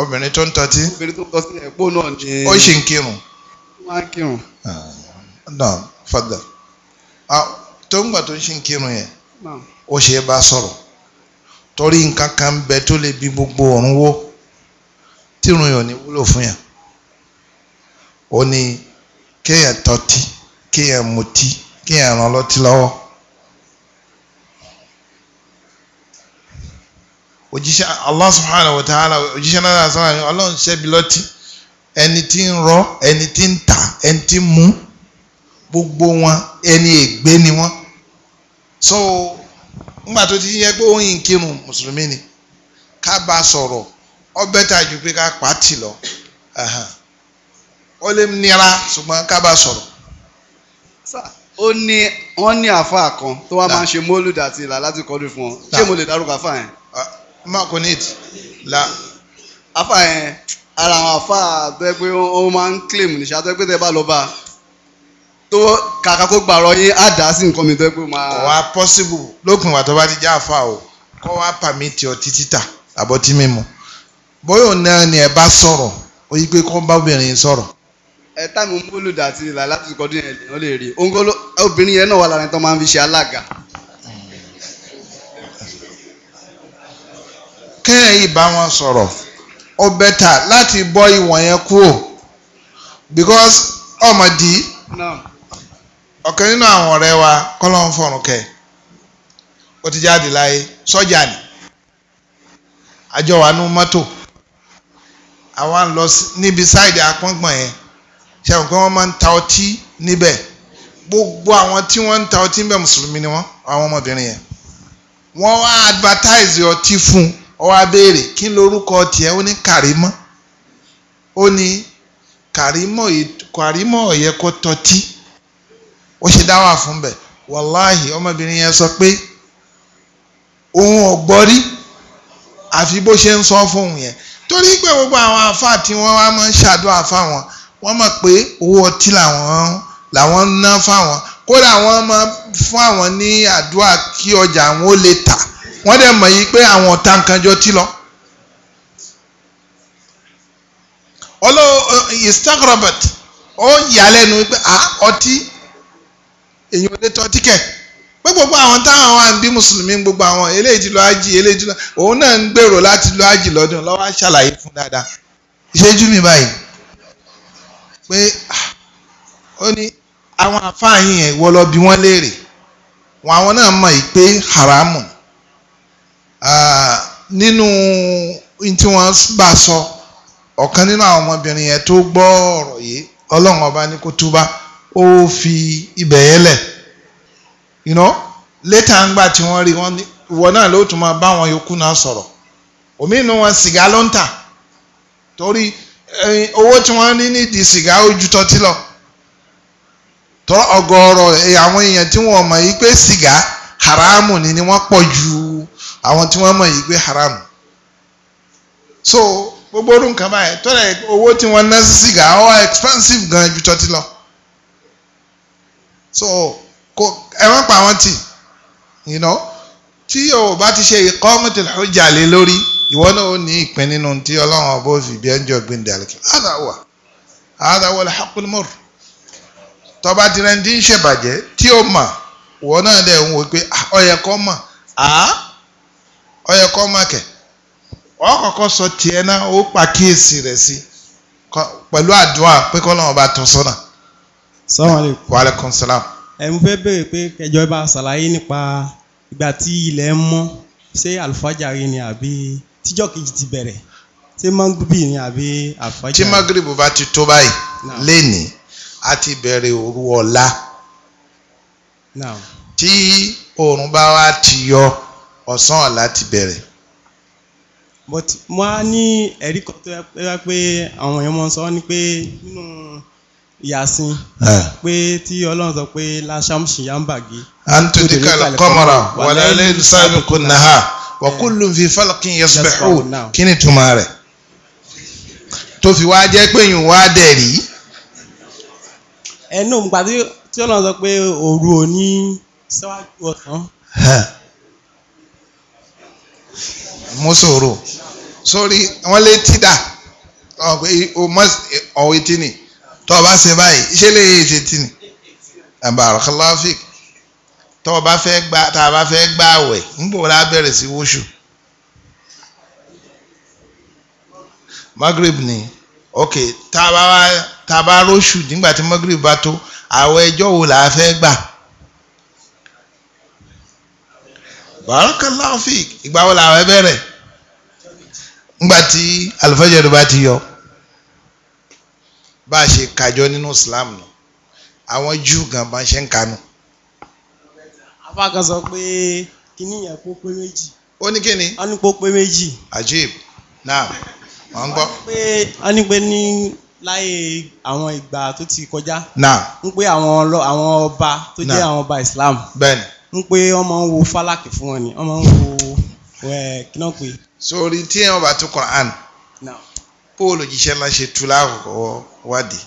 obìnrin tó ń tọ́tí. obìnrin tó ń tọ́tí ẹ̀pọ̀ náà ni. ó ṣì ń kírun wọ́n á kírun. Ah, náà fada ah, tó ń gbà tó ń ṣe ń kírun yẹn ó ṣe é bá sọ̀rọ̀ torí nǹkan kan ń bẹ tó lè bí gbogbo ọ̀run wó tírun yàn ní wúlò fún yàn ó ní kéèyàn tọ́tí kéèyàn mutí kéèyàn ràn lọ́tí lọ́wọ́. òjíṣẹ́ Allah subhanahu wa ta'ala òjíṣẹ́ náà sọ̀rọ̀ ọlọ́run ṣẹ́bi ẹni tí ń rọ ẹni tí ń tà ẹni tí ń mú gbogbo wọn ẹni ègbé ni wọn so ńgbà tó ti yẹ pé òun ń kírun mùsùlùmí ni ká bá sọ̀rọ̀ ọ bẹ́tà ju pé ká pàtì lọ ó lè nira ṣùgbọ́n ká bá sọ̀rọ̀. ó ní wọ́n ní àáfàá kan tó wá máa ń ṣe mólúdà àti ìlà láti kọ́dún fún ọ ṣé mo lè dárúkọ àáfàá yẹn. má kò ní ìtì. àáfàá yẹn ara àwọn àfa àtẹ pé ó máa ń claim níṣẹ́ àtẹ pé tẹ bá lọ bá a tó kàkà kó gbàrọ yín á dà á sí nǹkan mi tẹ pé ó máa. kò wá possible lópin ìwà tó bá ti já àfa o kó wá pàmìtì ọtí títà àbọ̀tí mímu bóyá náà ni ẹ bá sọ̀rọ̀ ó yí pé kó bá obìnrin sọ̀rọ̀. ẹ táàmù mbólúdà àti ìlà láti kọdún yẹn lè lè rí òǹkóló obìnrin yẹn náà wà lára ẹni máa ń fi ṣe alága. kẹ́ ẹ̀ ó bẹ́tà láti bọ́ ìwọ̀n yẹn kúrò because ọmọdé ọ̀kan nínú àwọn ọ̀rẹ́ wa kọ́lọ́n fọ̀rùn kẹ́ ó ti jáde láyé sọ́jà ni àjọ wa nú mọ́tò àwa ń lọ níbi sáìdì apọ́ngbọ̀n yẹn ṣẹ́wọ̀n pé wọ́n máa ń ta ọtí níbẹ̀ gbogbo àwọn tí wọ́n ń ta ọtí níbẹ̀ mùsùlùmí ni wọ́n àwọn ọmọbìnrin yẹn wọ́n wá advertise ọtí fún un ó wá béèrè kí lorúkọ tiẹ̀ ó ní kàrímọ́ ó ní kàrímọ́ kàrímọ́ ọ̀yẹ́ kó tọ́tí ó ṣe dáwà fún bẹ̀ wàláhì ọmọbìnrin yẹn sọ pé òun ọ̀gbọ́ rí àfi bó ṣe ń sọ fóun yẹn torí pé gbogbo àwọn àfa tí wọ́n wá máa ń ṣàdúrà fáwọn wọ́n mọ̀ pé owó ọtí làwọn ń ná fáwọn kódà wọ́n máa fún àwọn ní àdúrà kí ọjà àwọn ó lè tà wọ́n dẹ̀ mọ̀ yìí pé àwọn ọ̀tá nǹkan jọ tí lọ. ọlọ́ istagrobat ó yàlẹ́nu pé à ọtí èyí ò lè tọ́ tíkẹ̀ pé gbogbo àwọn táwọn wà ń bí mùsùlùmí gbogbo àwọn eléyìí ti lọ ájì eléyìí ti lọ òun náà ń gbèrò láti lọ ájì lọ́dún lọ́wọ́ á ṣàlàyé fún dáadáa ìṣẹ́jú mi báyìí pé ó ní àwọn àfáàyàn ẹ̀ wọ́n léèrè wọn àwọn náà mọ̀ yìí pé haramu ni. nínú tí wọ́n bá sọ ọ̀kan nínú àwọn ọmọbìnrin yẹn tó gbọ́ ọ̀rọ̀ yìí ọba fi ibẹ̀ yẹn lẹ̀ ń gbà tí rí wọn ìwọ náà ló tún máa bá wọn yòókù náà omi inú wọn sìgá ló ń tà torí owó tí rí sìgá lọ ni àwọn tí wọ́n mọ̀ yìí gbé haram so gbogbo orú nǹkan báyìí tó lẹ̀ owó tí wọ́n ná sí sìgá ó expensive gan ju tọ́tí lọ so kò ẹ wọ́n pa àwọn tì you know tí o bá ti ṣe iqamatul hujja lé lórí ìwọ náà ó ní ìpín nínú tí ọlọ́run ọba ó fi bí ẹnjọ́ gbẹ̀ndẹ̀ àlùkò hàdà wà hàdà wọlé hakulmọ́rù tọba tirẹ̀ ń dín ṣèbàjẹ́ tí o mà wọ́n náà dẹ̀ ń wò pé ọ̀yẹ̀kọ́ mà á ọyẹ kọ́ mákẹ̀ ọkọ̀kọ́ sọ tiẹ̀ náà ó pàkíyèsí rẹ̀ sí pẹ̀lú àdúrà pé kọ́ lọ́wọ́ bá tọ́ sọ́nà. sọ́wọ́n aleykum salaam. ẹ mo fẹ́ béèrè pé kẹjọ bá ṣàlàyé nípa ìgbà tí ilẹ̀ ń mọ́ ṣé àlùfájàre ni àbí tíjọ́ kejì ti bẹ̀rẹ̀ ṣé mọ́gìrì ni àbí àlùfájàre. tí mọ́gìrì bó bá ti tó báyìí lénìí a ti bẹ̀rẹ̀ òru ọ̀la tí oòrùn bá wá ti yọ. No ọ̀sán ọ̀la ti bẹ̀rẹ̀. but mo á ní ẹ̀rí kan tó yẹ pé àwọn èèyàn máa ń sọ ni pé nínú yasin pé tí ọlọ́run sọ pé láṣàmùsì yá ń bàgé. antoni kala kọmọra wàlẹ́ lẹ́nu sáàbì kò nàá wa kullu fi falqin yasbihun kí ni túmọ̀ rẹ̀ tó fi wá jẹ́ pé yìí wá dẹ̀ rí. ẹnu gbàdúrà tí ọlọ́run sọ pé òru òní ṣáájú ọ̀sán mùsòrò sórí wọ́n lé tídà ọ̀wé tìní tọ́ ọ bá ṣe báyìí ṣé lè yé ṣe tìní barakalafik tọ́ ọ bá fẹ́ gbà tá a bá fẹ́ gbà wẹ̀ nígbà wo la bẹ̀rẹ̀ sí wóṣù magrib ni ok tá a bá róṣù nígbà tí magrib bá tó àwọn ẹjọ́ wo la fẹ́ gbà. barakallahu fik ìgbà wo làwọn bẹ̀rẹ̀ ńgbà tí alifajari bá ti yọ bá a ṣe kájọ nínú islam nù àwọn júù gan bá ṣe ń kanu. afáàkàn pé kíní yẹn kó pé méjì. ó ní kíni. a ní kó pé méjì. ajib náà wọ́n ń gbọ́. a ní pé ní láyé àwọn ìgbà tó ti kọjá. náà. ń pé àwọn ọba tó jẹ́ àwọn ọba islam. bẹ́ẹ̀ni ń pé wọ́n máa ń wo fálákì fún wọn ni wọ́n máa ń wo kí náà pé. sori tí ẹ bá tún Quran paul òjíṣẹ́ ńlá ṣe tu láàkọ́kọ́ wádìí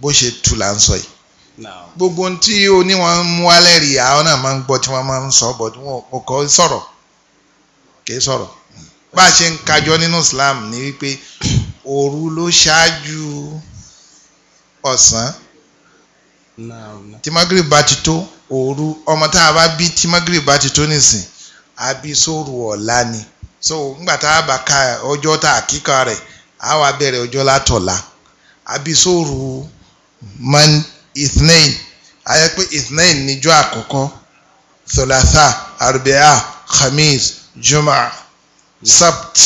bó ṣe tu là ń sọ yìí gbogbo ohun tí oníwọ̀n mú wálẹ̀ rí àwọn náà máa ń gbọ́ tí wọ́n máa ń sọ bọ̀ tí wọ́n kọ́ sọ̀rọ̀ kì í sọ̀rọ̀ bá a ṣe ń kájọ nínú Islam ni wípé òru ló ṣáájú ọ̀sán tí magrib bá ti tó òru ọmọ tá a bá bí tí magrib bá ti tó nìsín a bí sóòrù ọ̀la ni so ńgbà tá a bá ka ọjọ́ tá a kíkà rẹ̀ a wá bẹ̀rẹ̀ ọjọ́ látọ̀la a bí sóòrù man ithnain a yẹ pé ithnain níjọ́ àkọ́kọ́ tholatha arbia khamis juma sabt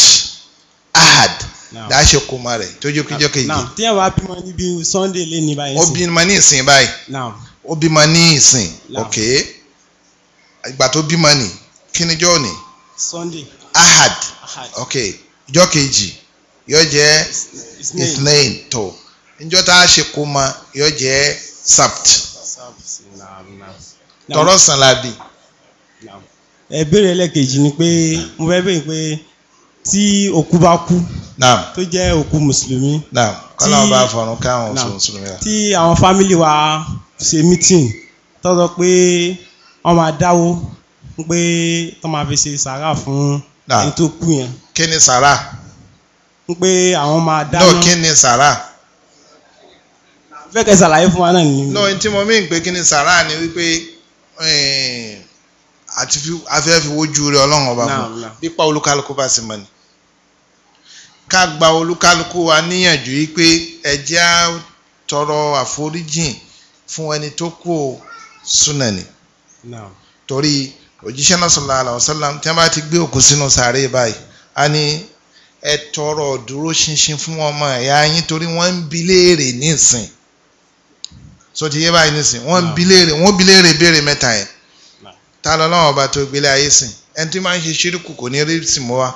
ahad dáṣe kó ma yìí. tí ẹ wàá bímọ níbi sunday lé ní báyìí. ó bímọ ní ìsìn báyìí. ó bímọ ní ìsìn ok ìgbà tó bímọ ní kí ni ni. sunday. ahad ok ìjọ kejì yóò jẹ́ isnain tó ìjọ tá a ṣe kó mọ yóò jẹ́ sabt tọrọ sanladi. ẹ béèrè ẹlẹ́kejì ni pé mo fẹ́ béèrè pé tí òkú bá kú tó jẹ́ òkú mùsùlùmí tí àwọn fámìlì wa Se meeting tó sọ pé wọ́n máa dáwó pé tó máa fi ṣe sàrà fún ẹni tó kú yẹn. kí ni sàrà. pé àwọn máa dáná. náà kí ni sàrà. fẹ́ kẹ́ ṣàlàyé fún wa náà ni. náà tí mo mìíràn pé kí ni sàrà ni wípé àti eh, afẹ́ fi wojú rẹ ọlọ́run ọba fún pípa olúkálukú bá sì mọ ni ká gba olúkálukú wa níyànjú yìí pé ẹ á tọrọ àforíjìn fún ẹni tó kú ò súnàní. torí òjíṣẹ́ náà sallallahu alaihi wasallam tí wọ́n bá ti gbé òkú sínú sàárè báyìí a ní ẹ tọrọ dúró ṣinṣin fún ọmọ ẹ̀yà yín torí wọ́n ń bi léèrè nísìn so ti yé báyìí nísìn wọ́n ń bi léèrè wọ́n bi léèrè béèrè mẹ́ta yẹn ta lọ lọ́wọ́ ọba tó gbélé ayé sìn ẹni tí máa ń ṣe ṣírùkù kò ní rí sì mọ́ wa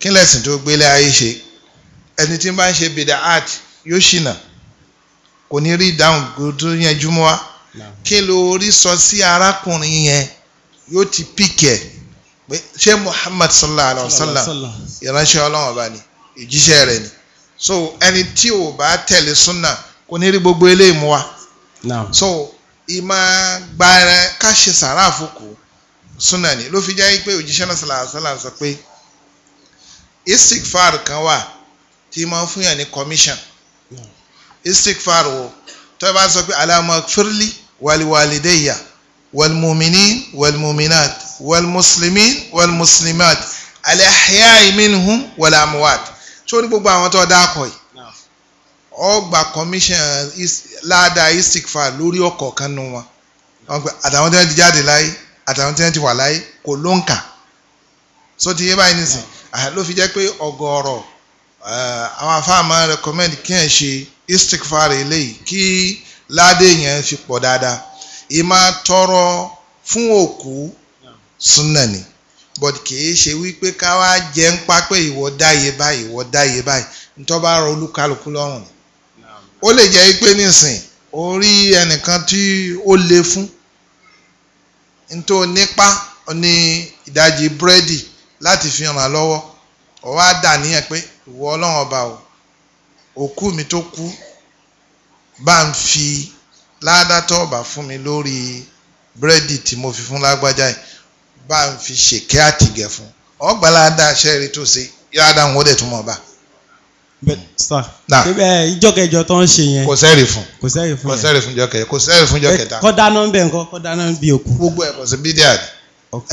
kí lẹ̀sìn tó gbélé ayé ṣe ẹni tí máa ń ṣe bìdà art yóò ṣìnà kò ní rí ìdáhùn kó tó yẹjú mọ́ wa kí ló rí sọ sí arákùnrin yẹn yóò ti píkẹ̀ pé ṣé Muhammad sallallahu alayhi wa sallam ìránṣẹ́ ọlọ́run ọba ni ìjíṣẹ́ rẹ̀ ni so ẹni tí ò bá tẹ̀lé súnà kò ní rí gbogbo eléyìí mú wa so ìmọ̀ gbàrẹ ká ṣe sàrà àfọkù súnà ni ló fi jẹ́ pé òjíṣẹ́ náà sallallahu alayhi wa sallam sọ pé istikfar kan wà tí máa fún yàn ní commission istighfar wo tó bá sọ pé alama firli waliwalideya walmuminin walmuminat walmuslimin walmuslimat alahyai minhum walamuwat tó ní gbogbo àwọn tó dáa kọ yìí ọ gba commission ládàá istikfar lórí ọkọ̀ kan nu wọn àtàwọn tí wọ́n ti jáde láyé àtàwọn tí wọ́n ti wà láyé kò ló ń kà so ti yé báyìí nísìn ló fi jẹ́ pé ọ̀gọ̀ọ̀rọ̀ eh, àwọn afáàmọ́ recommend kí ẹ̀ ṣe istikfar eléyìí kí ládé yẹn fi pọ̀ dáadáa ìmá tọrọ fún òkú súnà ni but kìí ṣe wípé ká wá jẹ ń pa pé ìwọ dáyé báyìí ìwọ dáyé báyìí nítorí bá rọ olúkálùkù lọ́rùn ó lè jẹ́ pé nísìn orí ẹnìkan tí ó le fún nítorí nípa ní ìdajì búrẹ́dì láti fi ràn lọ́wọ́ ó wá dà níyẹn pé ìwọ ọlọ́run ọba o òkú mi tó kú bá ń fi ládàtọ̀ ọ̀bà fún mi lórí búrẹ́dì tí mo fi fún lágbájá yìí bá ń fi ṣèké àtìgẹ̀ fún ọgbà ládà sẹ́ẹ̀rì tó ṣe yáda wọn ó dẹ̀ tún mọ̀ bá. bẹ́ẹ̀ ìjọ kẹjọ tó ń ṣe yẹn. kò sẹ́ẹ̀rì fún kò sẹ́ẹ̀rì fún kò kò sẹ́ẹ̀rì fún jọ kọ́ dáná ń bẹ̀ ńkọ́ kọ́ dáná ń bí òkú. gbogbo ẹ̀ kò sí bídíà. ok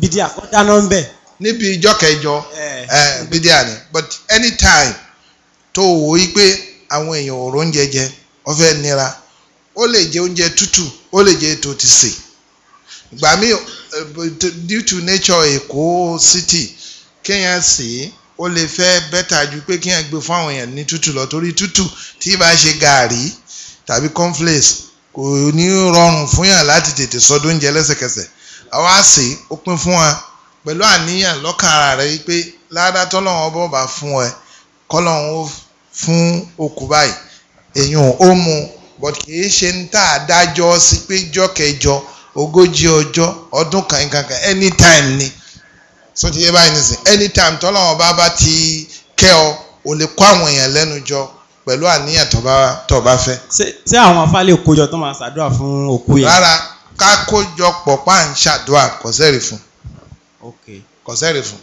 bídíà kọ́ dáná ń bẹ̀. níbi ìjọ kẹjọ bídíà ni but anytime tó wò ó pé àwọn èèyàn ò róúnjẹ jẹ ó fẹ́ nira ó lè jẹ oúnjẹ tútù ó lè jẹ tó ti sè ìgbà míì due to nature Èkó city kéèyàn sè é ó lè fẹ́ bẹ́tà ju pé kéèyàn gbé fún àwọn èèyàn ní tútù lọ torí tútù tí bá ṣe gàárì tàbí cornflakes kò ní rọrùn fún yàn láti tètè sọdún oúnjẹ lẹ́sẹ̀kẹsẹ̀ àwa sè é ó pín fún wa pẹ̀lú àníyàn lọ́kàn ara rẹ̀ pé ládàá tọ́lọ́wọ́n bọ̀ bá fún ẹ kọ́lọ́hún ó fún okùn báyìí èyàn ó mu but kìí ṣe ń tà dájọ́ sí pé jọ́kẹjọ ogójì ọjọ́ ọdún kan anytime ni so ti yé báyìí nìsín anytime tọ́lọ́hún bá bá ti kẹ́ ọ ò lè kó àwọn èèyàn lẹ́nu jọ pẹ̀lú àníyàn tọ́ba tọ́ba fẹ́. ṣé àwọn afá lè kójọ tó máa ṣàdúrà fún òkú yẹn. rárá ká kójọ pọ̀ pa ń ṣàdúrà kò sẹ́rì fún. ok kò sẹ́rì fún.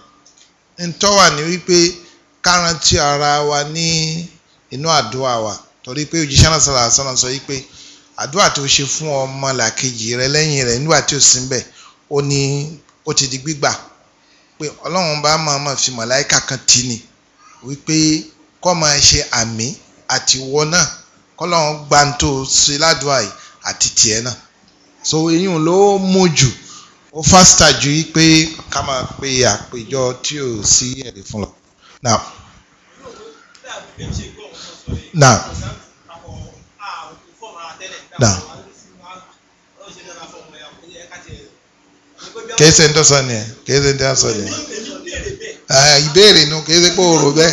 ntọ́wà ní wípé kárántì ara wa ní inú àdúrà wa torí pé òjíṣẹ́ náà sọ̀rọ̀ àsọ̀nà sọ wípé àdúrà tó ṣe fún ọmọ làkejì rẹ lẹ́yìn rẹ nígbà tí ò sí mbẹ̀ ó ní ó ti di gbígbà pé ọlọ́run bá máa máa fi màláìkà kan tì ní wípé kọ́ máa ṣe àmì àti wọ náà kọ́lọ́run gbàǹtó sí ládùúgbà yìí àti tiẹ̀ náà so eyín ló mú jù ó fásità ju yí pé ká máa pe àpéjọ tí ò sí ẹ̀rí fún lọ. now now now kìí ṣe ń tọ́sọ ni ẹ kìí ṣe ń tọ́sọ ni ẹ ìbéèrè nu kìí ṣe pé òòrò bẹ́ẹ̀.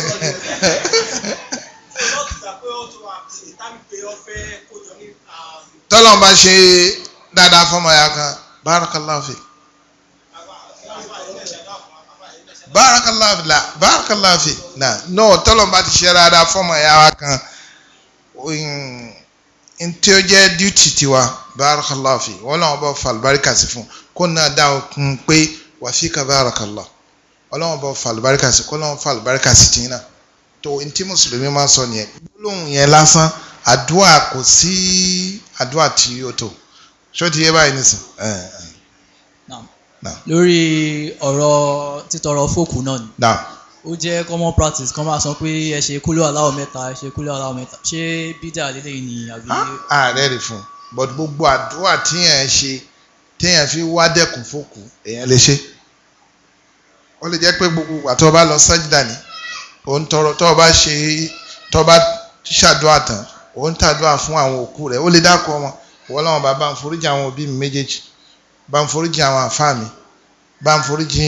tọ́lọ́mù bá ṣe dáadáa fún ọmọ ya kan barakallahu fik. bárakàláfì náà náà tọ́lọ́mù bá ti ṣe dáadáa fọ́mọ ẹ̀yà wa kan tí ó jẹ́ duty tiwa bárakàláfì wọn náà bọ́ falùbáríkà sí fún kó náà dá okun pé wàfíkà bárakàlá ọlọ́wọ́n bọ́ falùbáríkà sí kó náà falùbáríkà sí tìǹà tó ntí mùsùlùmí máa sọ nìyẹn gbólóhùn yẹn lásán àdúrà kò sí àdúrà tí ó tó ṣó ti yé báyìí nìsín lórí ọ̀rọ̀ títọrọ fóòkù náà ni ó jẹ́ common practice kan máa sọ pé ẹ ṣe kúlò aláwọ̀ mẹ́ta ẹ ṣe kúlò aláwọ̀ mẹ́ta ṣé bídà lílé ni àbí. ààrẹ ah, ah, rè fún but gbogbo àdúrà tíyẹn ṣe tíyẹn fi wá dẹ́kun fóòkù èèyàn lè ṣe ó lè jẹ́ pé gbogbo ìgbà tó o bá lọ sájìdá ni ò ń tọrọ tó o bá ṣe tó o bá ṣàdúrà tán ò ń tàdúrà fún àwọn òkú rẹ̀ ó lè dákọ̀ wọn wọ́n láwọn bàbá ń foríjì àwọn òbí mi méjèèjì bá ń foríjì àwọn àfáà mi bá ń foríjì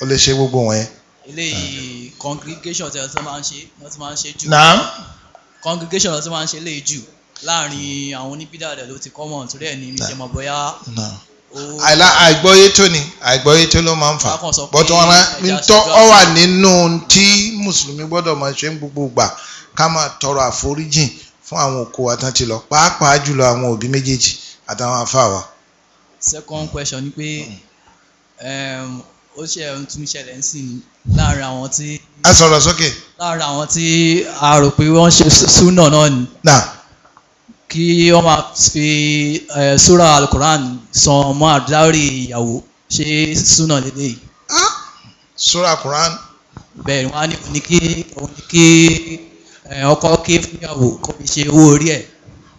ó lè ṣe gbogbo wọn yẹn. eléyìí congregation tí wọ́n máa ń ṣe wọ́n ti máa ń ṣe jù. naam. congregation tí wọ́n máa ń ṣe eléyìí jù láàrin àwọn oníbídàdà ló ti common torí ẹ̀ ní mi ṣe mọ̀ bóyá. àìlá àìgbọ́yé tó ni àìgbọ́yé tó ló máa ń fà but wọn rán tó ọ wà nínú tí mùsùlùmí gbọ́dọ̀ máa ṣe ń gbogbo gbà ká máa tọrọ àforíjì fún àwọn òkú àtàntí lọ pàápàá jùlọ àwọn òbí méjèèjì àtàwọn afáwa second question ni pé ó ṣe ohun tún ṣẹlẹ̀ ń sìn láàrin àwọn tí. a sọ̀rọ̀ sókè. láàrin àwọn tí a rò pé wọ́n ṣe súnà náà ni. na. kí wọ́n máa fi sura alukoran san ọmọ àdáwìrì ìyàwó ṣe súnà lédè yìí. sura alukoran. bẹ́ẹ̀ wọ́n á ní òní kí òní kí ọkọ kí fúnyàwó kó fi ṣe owó orí ẹ̀.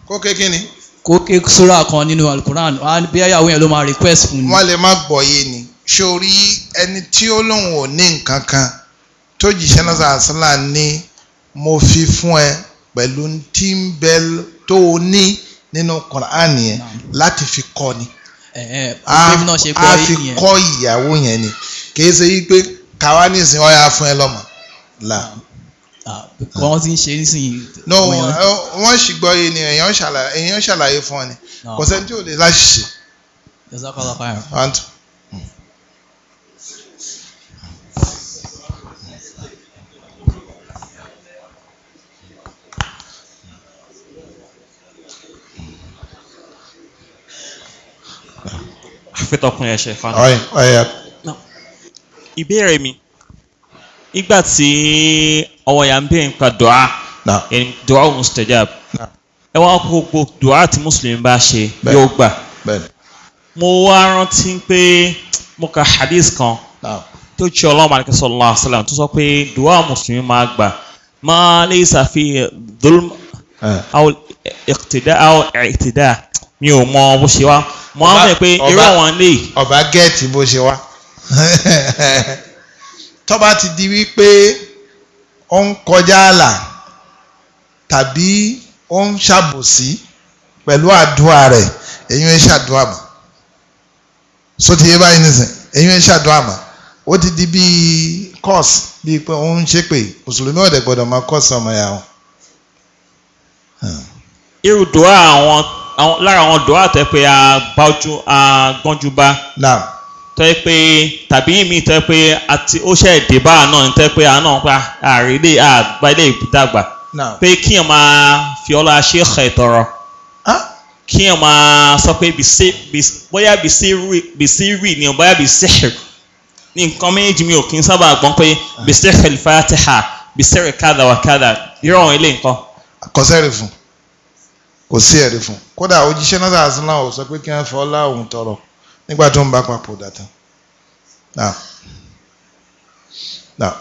kó kí ni kó ké sóra kan nínú alukuran bí ayáwó yẹn ló máa request fún mi. wọ́n lè má gbọ́ yé ni sórí ẹni tí ó lóun ò ní nǹkan kan tó jìṣẹ́ náà sàásìlà ni mo fi fún ẹ pẹ̀lú tí ń bẹ tó o ní nínú quran yẹn láti fi kọ́ ni a fi kọ́ ìyàwó yẹn ni kì í ṣe yí pé káwa nísìnyí ọ̀ya fún ẹ lọ́mọ. Ah, wọ́n ti ń ṣe nísìnyí. no wọ́n sì gbọ́ yìí ni èèyàn ṣàlàyé èèyàn ṣàlàyé fún ọ ni kò sẹ́ni tí ò lè láṣìṣe. fẹ́tọ̀kùn ẹ̀ṣẹ̀ fana. ìbéèrè mi nígbà tí ɔwɔyampe nka dɔa dɔa mustajab ɛwɔ akoko dɔa ti muslim bá ṣe yóò gbà mo wá rántí pé mo ka hadith kan tó tí ọlọ́run máa ní kí sallallahu alaihi wasallam tó sọ pé dùwà mùsùlùmí máa gbà máa lè ṣàfihàn dhulm aw iqtida aw iqtida mi ò mọ bó ṣe wá mo á mọ̀ pé irú àwọn ilé. ọba gẹ́ẹ̀tì bó ṣe wá tọ́ba ti di wípé ó ń kọjá àlà tàbí ó ń ṣàbòsí pẹ̀lú àdúrà rẹ̀ èyí ń ṣàdúrà mọ́ sóti yé báyìí nìsín èyí ń ṣàdúrà mọ́ ó ti di bíi kọ́ọ̀sì bíi pé ó ń ṣépè mùsùlùmí ọ̀dẹ̀ gbọ́dọ̀ máa kọ́ọ̀sì ọmọ ya wọn. irú dùá àwọn lára àwọn dùá tẹ pé a gbọ́njú bá. náà tẹ́ pé tàbí mi tẹ́ pé àti ó ṣe èdè bá àná ní tẹ́ pé àná pa àrílé àgbà ilé ìdàgbà pé kí n máa fi ọlá ṣe ẹ̀ tọrọ kí n máa sọ pé bóyá bìsí rì ni bóyá bìsí ẹ̀ ní nǹkan méjì mi ò kí n sábà gbọ́n pé bìsí ẹ̀ fatiha bìsí ẹ̀ kádà wà kádà irọ́ òun ilé nǹkan. àkọsẹ́rì fún kò sí ẹ̀rí fún kódà òjíṣẹ́ náà sọ pé kí wọ́n fi ọlá tọrọ nígbà tó ń bá papòdà tán. Now. Now.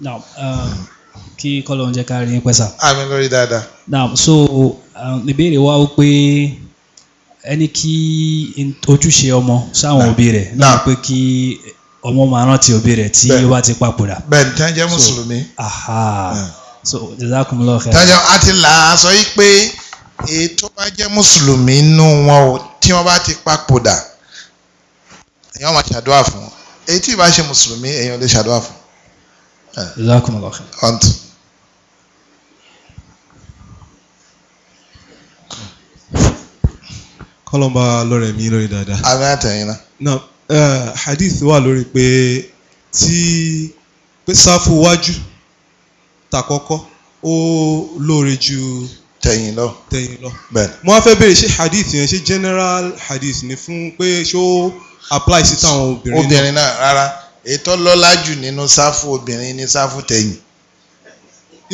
Now, um, kí kọ́lọ̀ ń jẹ́ ká rí yín pẹ́sà. àmì lórí dáadáa. Now, so um, ìbéèrè wa ó pé ẹni kí ojúṣe ọmọ sáwọn òbí rẹ̀ náà pé kí ọmọ máa rántí òbí rẹ̀ tí ó bá ti papòdà. bẹ́ẹ̀ni tí wọn jẹ mùsùlùmí. so jazakumullahu khairan. tí wọn jẹ àti là á sọ yìí pé èyí tó bá jẹ́ mùsùlùmí nínú wọn o tí wọ́n bá ti papòdà èèyàn máa ṣàdúrà fún wọn èyí tí ìbá ṣe mùsùlùmí èèyàn lè ṣàdúrà fún. kọlọmba lọrẹ mi lórí dáadáa. àmì àtẹ̀yìn náà. na hadith wà lórí pé tí pé sáfù wájú tàkọ́kọ́ ó lóore ju tẹ̀yìn lọ. tẹ̀yìn lọ bẹ́ẹ̀. mo wá fẹ́ béèrè ṣé hadith yẹn ṣé general hadith ni fún pé ṣó apply sí táwọn obìnrin náà. obìnrin náà rárá ètò lọ́lá jù nínú sáfù obìnrin ní sáfù tẹ̀yìn.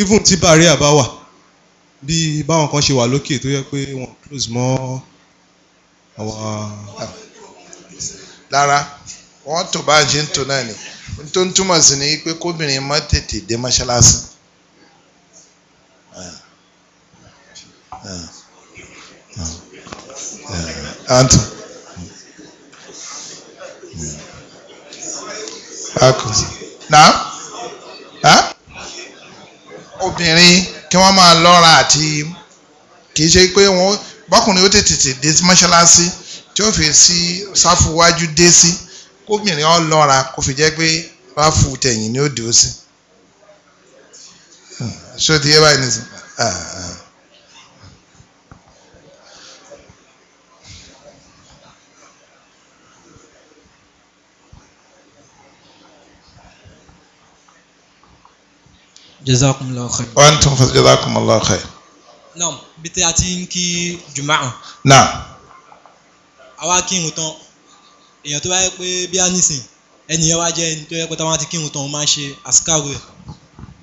even tí bàárẹ̀ àbá wà bí báwọn kan ṣe wà lókè tó yẹ pé wọn close mọ́ àwọn. lára wọn tó bá jí ń tó náà ni tó ń túmọ̀ sí ni pé kóbìnrin má tètè dé mọ́ṣáláṣí àǹtí. Ah. Ah. Ah. náà obìnrin kí wọ́n máa lọ́ra àti kì í ṣe pé wọ́n bọ́kùnrin ó tètè dé sí mọ́ṣáláṣí tí ó fi sí sáfùwájú dé sí kóbìnrin ó lọ́ra kó fi jẹ́ pé ráfù tẹ̀yìn ni ó dúró sí. Hmm. ṣé o ti yé báyìí nìyí? jazakumullahu khair. wa antum fa jazakumullahu khair. naam bí tí a ti ń kí jumaa. naam. àwa kírun tán èèyàn tó bá yẹ pé bí a nìsín ẹni yẹn wá jẹ́ ẹni tó yẹ pé táwọn ti kírun tán wọ́n máa ṣe àsìkáwò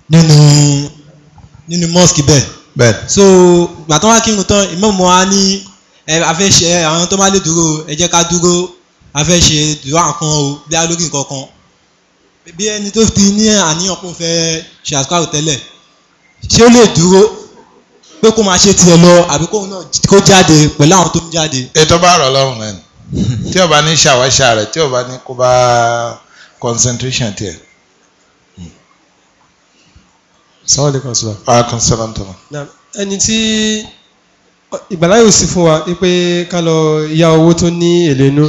nínú nínú mosque bẹ́ẹ̀. bẹ́ẹ̀. so gbàtàn wá kírun tán ìmọ̀mọ́ wa ní àfẹ́ ṣe àwọn tó má lè dúró ẹ jẹ́ ká dúró àfẹ́ ṣe dúró àkàn o bí a lórí nǹkan kan bí ẹni tó ti ní àníyàn kó fẹ́ ṣe àsìkò tẹ́lẹ̀ ṣé ó lè dúró pé kó máa ṣe tiẹ̀ lọ àbí kó náà kó jáde pẹ̀lú àwọn tó ń jáde. ètò bá rọ̀ lọ́rùn ẹ̀ tí o ní ṣàwáṣà rẹ̀ tí o ní kó bá concentration tiẹ̀. sáwọn lè kàn sílẹ̀. a kàn sílẹ̀ ń tọ́lá. ẹni tí ìgbàláyè ò sí fún wa pé ká lọ ya owó tó ní èlé inú.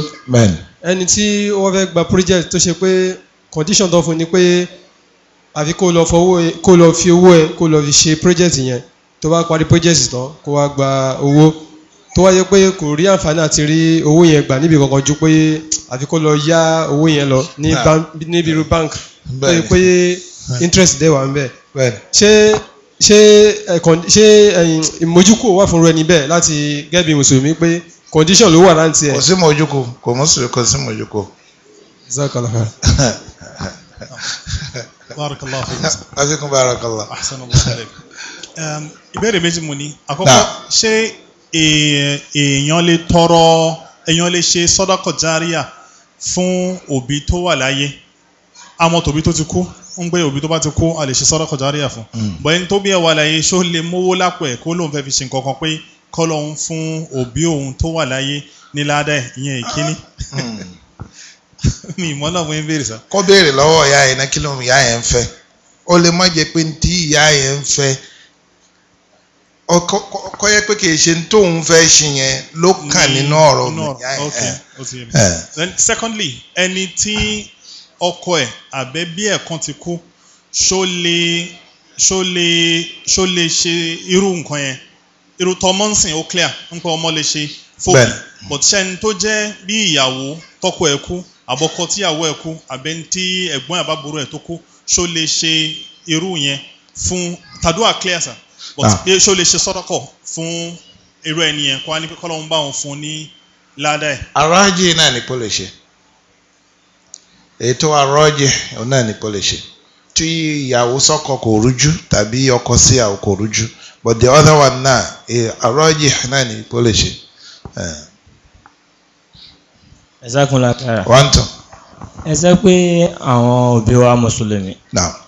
ẹni tí wọ́n fẹ́ gba project tó ṣe pé condition tó fún ni pé àfi kó lọ fowó kó lọ fi owó ẹ kó lọ fi ṣe project yẹn tó bá parí project tán kó wá gba owó tó wáyé pé kò rí àǹfààní àti rí owó yẹn gbà níbi kankan ju pé àfi kó lọ yá owó yẹn lọ ní níbi irú bank tó yẹ pé interest dẹ̀ wà ń bẹ̀ ṣé ṣé ẹ̀kàn ṣé ìmójúkò wà fún ẹni bẹ́ẹ̀ láti gẹ́bí mùsùlùmí pé condition ló wà láǹtí ẹ̀. kò sí mọ̀júkò kò mọ̀júkò جزاك الله خير بارك الله فيك أزيكم بارك الله أحسن الله عليك ìbéèrè méjì mo ní àkọ́kọ́ ṣé èèyàn lè tọrọ èèyàn lè ṣe sọ́dọ̀kọ̀ járíà fún òbí tó wà láyé àmọ́ tòbí tó ti kú ń gbé òbí tó bá ti kú a lè ṣe sọ́dọ̀kọ̀ járíà fún hmm. bọ́yìn tó bí ẹ̀ wà láyé ṣó lè mówó lápò ẹ̀ kó lóun fẹ́ fi ṣe nǹkan kan pé kọ́ fún òbí òun tó wà láyé ní ládàá ìyẹn ìkíní. Hmm. mi ìmọ̀ náà mo ń béèrè sá. kó béèrè lọ́wọ́ ìyá yẹn náà kí ló ń ìyá yẹn ń fẹ́ ó lè má jẹ pé tí ìyá yẹn ń fẹ́ kọ́ yẹ pé kì ṣe tóun fẹ́ ṣe yẹn ló kàn nínú ọ̀rọ̀ ìyá eh. eh. then secondly ẹni tí ọkọ ẹ̀ àbẹ́bí ẹ̀ kan ti kú ṣó lè ṣó lè ṣó lè ṣe irú nǹkan yẹn irú tọmọ ń sìn ó clear nǹkan ọmọ lè ṣe fóbi but ṣẹ́ni tó jẹ́ bí ìyàwó tọkọ ẹ̀ kú àbọ̀kọ tíyàwó ẹ̀ kú àbẹ́ tí ẹ̀gbọ́n àbábòrò ẹ̀ tó kú ṣó lè ṣe irú yẹn fún tàdúrà clear but ah. ṣó lè ṣe sọ́dọ̀kọ̀ fún irú ẹni yẹn kó wá ní pé kọ́lọ́hún bá òun fún ní ládà ẹ̀. aráàjì náà ni kò lè ṣe ètò aráàjì náà ni kò ṣe tí ìyàwó sọ́kọ kò rújú tàbí ọkọ síyàwó kò rújú but the other one náà aráàjì náà ni kò ṣe. Uh ẹ sákun lákàrà. wá ń tàn. ẹ sọ pé àwọn òbí wa mùsùlùmí.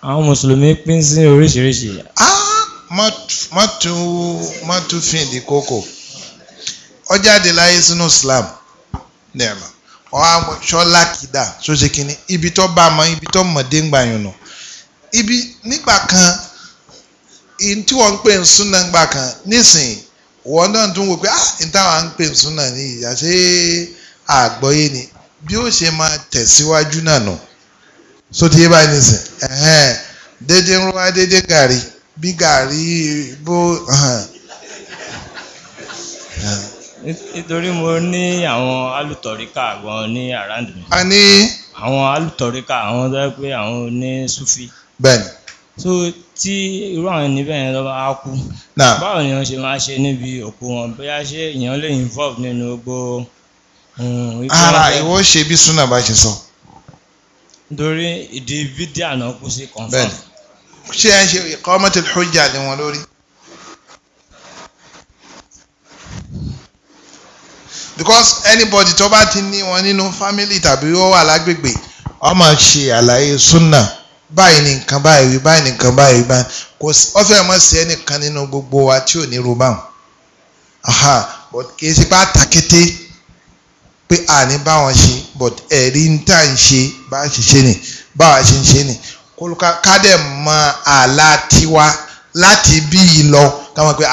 àwọn mùsùlùmí pín sí oríṣiríṣi. má tún má tún fi ìdí kókò ó jáde láyé sínú Islam nẹ̀ẹ̀mà ọ̀hún ṣọ́lá kìdá ṣoṣe kínní ibi tó bá mọ ibi tó mọ̀ dé ń gbà yàn nù ibi nígbà kan tí wọ́n ń pè ń súnà ńgbà kan nísìnyí wọ́n náà tún wò pé ah ní táwọn ń pè ń súnà ní ìyá àgbọ́yé ni bí ó ṣe máa tẹ̀síwájú náà nù sóti yé báyìí nìsín dédé ń wá dédé gàrí bí gàrí bó. nítorí mo ní àwọn alùtọ̀ríkà gan ní around me. a ní. àwọn alùtọ̀ríkà àwọn tó yẹ pé àwọn ní sufi. bẹ́ẹ̀ni. so tí irú àwọn níbẹ̀ yẹn lọ́wọ́ á kú. báwo ni wọ́n ṣe máa ṣe níbi òkú wọn bóyá ṣé èèyàn lè involve nínú gbogbo. Hmm, ara ìwọ ṣe bí súnà bá ṣe sọ. nítorí ìdí fídíò àná kú sí kọ̀ǹfà. bẹ́ẹ̀ni ṣé ẹ ṣe iqamatul hujja lé wọn lórí. because anybody tó bá ti ní wọn nínú family tàbí ó wà lágbègbè ó máa ṣe àlàyé súnà báyìí ni nǹkan báyìí wí báyìí ni nǹkan báyìí wí báyìí kò ọfẹ mọ sí ẹnìkan nínú gbogbo wa tí ò ní rúbà kì í ṣe pé àtàkété pé àní bá wọn ṣe but ẹ̀rí ń tà ń ṣe bá a ṣe ṣe nì bá a ṣe ń ṣe nì kólúkà kádẹ̀ mọ àlá tiwa láti bí i lọ káwọn pé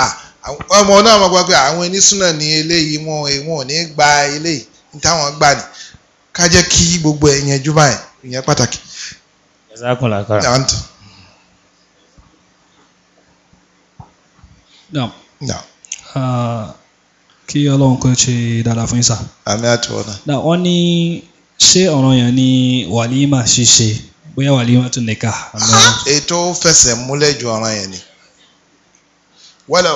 ọmọ náà mọ̀ gbọ́ pé àwọn onísùnà ní eléyìí wọn wọn ò ní gba eléyìí ní táwọn gbà ní ká jẹ́ kí gbogbo ẹ̀ yẹn jùmọ̀ ẹ̀ ìyẹn pàtàkì. Uh, kí ọlọ́run kò ṣe dáadáa fún ìsà. àmì àti ọ̀nà. na wọ́n ní ṣé ọ̀ràn yẹn ni wàlímà ṣíṣe bóyá wàlímà tún nìka. ètò fẹsẹ̀ múlẹ̀ ju ọ̀ràn yẹn ni wọ́lọ̀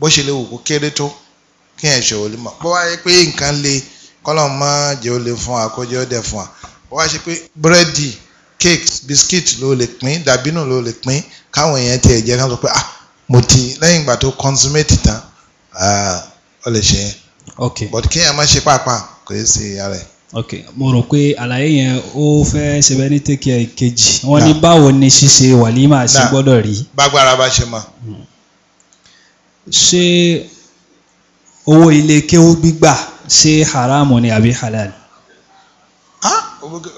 bó ṣe lè wù kó kéré tó kí ẹ̀ ṣe wàlímà bó wáyé pé nǹkan le kọ́lọ́n má jẹ́ ó le fún wa dẹ̀ fún wa bó wáyé ṣe pé búrẹ́dì cakes biscuit ló lè pín dàbínú ló lè pín káwọn èèyàn tiẹ̀ jẹ́ ká sọ pé ah mo ti lẹ́yìn ìgbà tó consummate tán. Ah, ó lè ṣe yẹn. ok but kí yẹn má ṣe pàápàá kò yẹ sí ìyá rẹ. ok mo rò pé àlàyé yẹn ó fẹ́ ṣẹbẹ́ ní take care kejì wọ́n ní báwo ni ṣíṣe wàlímà ṣe gbọ́dọ̀ rí. bágbára bá ṣe mọ. Hmm. ṣé owó ilé kéwú gbígbà ṣé haramu ni àbí halal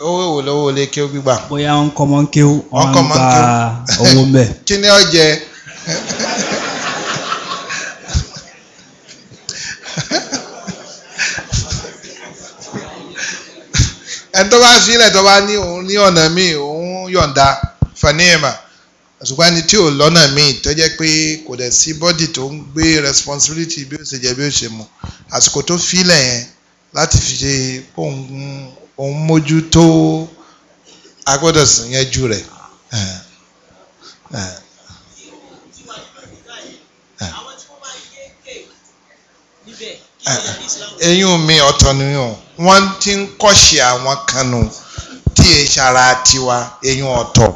owó wo lọ́wọ́ olè kéwú gbígbà. bóyá wọn kọ́ mọ́ kéwú wọn gba owó mbẹ. kí ni ó jẹ ẹni tó bá filẹ̀ tó bá ní òun ní ọ̀nà míì òun yọ̀ǹda fanima ṣùgbọ́n ẹni tí ò lọ́nà míì tó jẹ́ pé kò dẹ̀ sí bọ́dì tó ń gbé responsibility bí ó ṣe jẹ́ bí ó ṣe mu àsìkò tó filẹ̀ yẹn láti fi ṣe òun mójútó agbọ́dọ̀ sìn yẹn jù rẹ̀. eyín mi ọ̀tọ̀ nìyẹn wọ́n ti ń kọ́ṣe àwọn kanu tí e ṣara tiwa eyín ọ̀tọ̀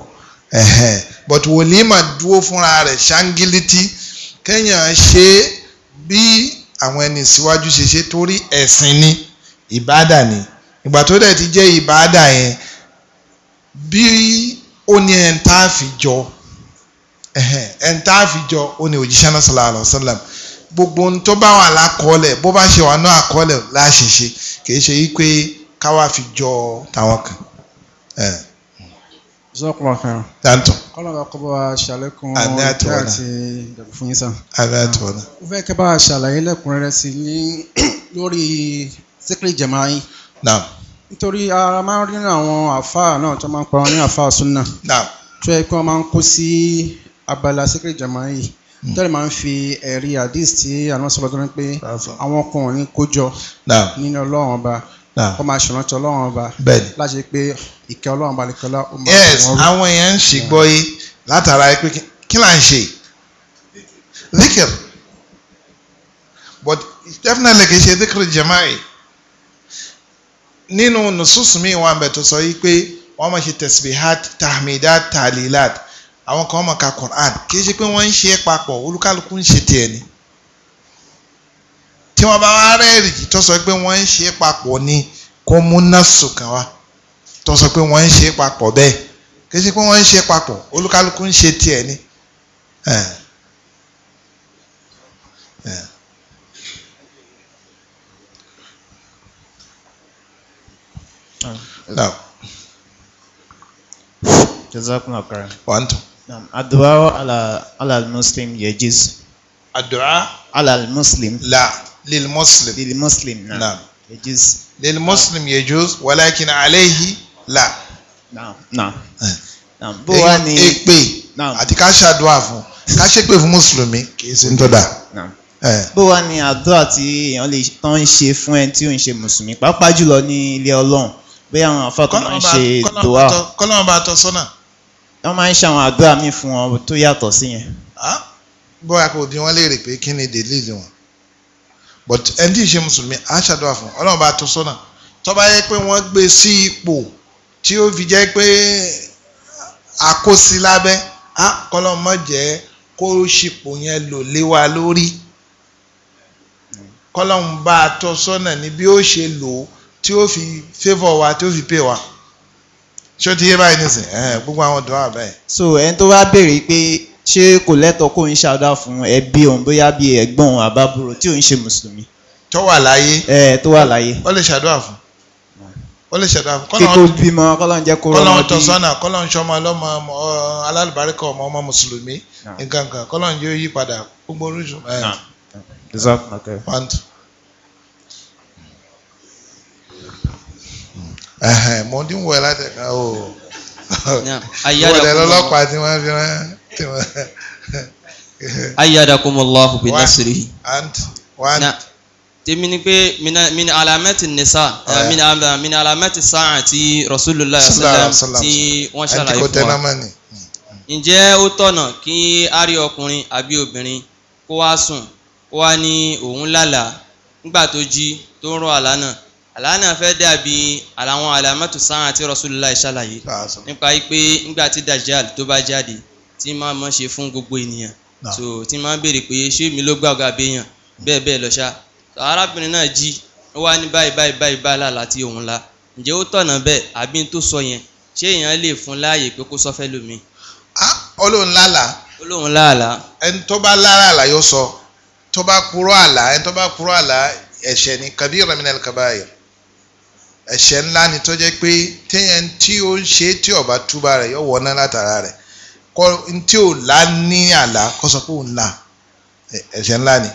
but wòlíìmà dúró fúnra rẹ̀ ṣáńgílítì kéèyàn ṣe bí àwọn ẹni síwájú ṣe ṣe torí ẹ̀sìn ni ìbádà ni ìgbà tó dẹ̀ ti jẹ́ ìbádà yẹn bí ó ní ẹ̀ ń tá a fi jọ ẹ̀ ń tá a fi jọ ó ní òjíṣẹ́ náà sallallahu alaihi wasallam gbogbo ohun tó bá wà lákọọ́lẹ̀ bó bá ṣe wà náà àkọọ́lẹ̀ láṣìṣe kì í ṣe yí pé káwá fi jọ táwọn kan. zọkùnrin kan dantọ. kọlọba kọba ṣàlékún ọjọ àti ìdàgbò fún yín sàn. àbẹ àtọwọlá. ó fẹ́ kẹ́ bá a ṣàlàyé lẹ́kùnrẹ́rẹ́ sí i ní lórí síkírì jẹ̀máà yín. naam. nítorí ara máa ń rí àwọn àfáà náà tó máa ń pa wọn ní àfáà súnà. naam. tó yẹ kí wọ́n máa ń kó sí abala síkírì jẹ̀máà yìí. Hmm. tẹ́lẹ̀ máa ń fi ẹ̀rí hadith tí anọ́sọ̀rọ̀ tó ń pé àwọn ọkùnrin kó jọ nínú ọlọ́run ọba kó máa ṣèrántí ọlọ́run ọba láti pé ìkẹ́ ọlọ́run ọba nìkan ó máa wọ́n. yes àwọn èèyàn ń ṣègbọ́ yé látara pé kí là ń ṣe zikir but definitely kì í ṣe zikir jama'i nínú nusus mi wà ń tó sọ yìí pé wọ́n máa ṣe tasbihat tahmidat talilat àwọn kan máa ka Quran kì í ṣe pé wọ́n ń ṣe é papọ̀ olúkálukú ń ṣe tiẹ̀ ni tí wọ́n bá wá rẹ́ẹ̀rì tó sọ pé wọ́n ń ṣe é papọ̀ ni kó mú nọ́ọ̀sù kan wá tó sọ pé wọ́n ń ṣe é papọ̀ bẹ́ẹ̀ kì í ṣe pé wọ́n ń ṣe é papọ̀ olúkálukú ń ṣe tiẹ̀ ni. No. Jazakumullah khairan. Wa antum. نعم الدعاء على على المسلم يجوز الدعاء على المسلم لا للمسلم للمسلم نعم, نعم. يجوز للمسلم يجوز ولكن عليه لا نعم نعم نعم bó wá ni èpè àti ká ṣàdúrà fún ká ṣépè fún mùsùlùmí kì í ṣe ń tọ́da. bó wá ni àdúrà tí èèyàn lè tán ń ṣe fún ẹni tí ò ń ṣe mùsùlùmí pàápàá jùlọ ní ilé ọlọ́run bóyá àwọn afọ́kànlá ń ṣe dùwà. kọ́lọ́mọba tọ́ sọ́nà wọ́n máa ń ṣe àwọn àdúrà míì fún wọn tó yàtọ̀ sí yẹn. bóyá kò bí wọ́n léèrè pé kí ni dèlíìlì wọn but ẹni tí ì ṣe mùsùlùmí á ṣàdúrà fún ọlọ́run bá tó sọ́nà tó bá yẹ pé wọ́n gbé sí ipò tí ó fi jẹ́ pé àkóso lábẹ́ á kọ́lọ́ mọ́ jẹ́ kó ṣipò yẹn lò lé lórí kọ́lọ́run bá tó sọ́nà ni bí ó ṣe lò ó tí ó fi favour wa tí ó fi pay wa ṣé o ti yé báyìí nísìn gbogbo àwọn dùn àbẹ. so ẹni tó bá béèrè pé ṣé kò lẹ́tọ̀ọ́ kó ń ṣàdá fún ẹbí òun bóyá bí ẹ̀gbọ́n òun àbábúrò tí òun ṣe mùsùlùmí. tó wà láyé. ẹ tó wà láyé. ó lè ṣàdúrà fún ó lè ṣàdúrà fún. kí tó bímọ kọ́lọ́n jẹ́ kó rọmọ bí. kọ́lọ́n tọ́ sọ́nà kọ́lọ́n ṣọmọ ọlọ́mọ alálùbáríkà ọmọ ọmọ mùsùlùmí nǹkan kan kọ́lọ́n yóò yí padà gbogbo oríṣun. mọ ọdún dị, ẹ láti ẹ̀ka o wọlé lọ́lọ́pàá tí wọ́n fi rán tí wọ́n. ayyadakumullahu bi nasrihi. tèmi ni pé min alamẹ́tì nisa min alamẹ́tì sáà ti rasulillah, wọ́n ṣàlàyé fún wa ǹjẹ́ ó tọ̀nà kí rí ọkùnrin àbí obìnrin kó wá sùn kó wá ní òun àlànà fẹ́ dàbí àwọn àlàmọ́tò sáà àti Rasulullah ṣàlàyé nípa pé nígbà tí dajjal tó bá jáde tí máa mọ́ ṣe fún gbogbo ènìyàn so tí máa ń béèrè pé ṣé mi ló gbàgbà béèyàn mm. bẹ́ẹ̀ bẹ́ẹ̀ lọ ṣá arábìnrin náà jí ó wá ní báyìí báyìí báyìí bá lálàá tí òun la ǹjẹ́ ó tọ̀nà bẹ́ẹ̀ àbí tó sọ yẹn ṣé èèyàn lè fún láàyè pé kó sọ́fẹ́ lómi. olóhùn lálàá. olóhùn lálàá. ẹni tó bá lára àlá sọ tó bá kúrò àlá ẹni tó bá kúrò àlá ẹ̀ṣẹ̀ ni kabir raminal kabayir ẹ̀ṣẹ̀ ńlá ni tó jẹ́ pé téèyàn tí ó ń ṣe tí ọba túbà rẹ̀ yóò wọná látara rẹ̀ kọ́ tí ò lá ní àlá kó sọ pé òun là ẹ̀ṣẹ̀ ńlá ni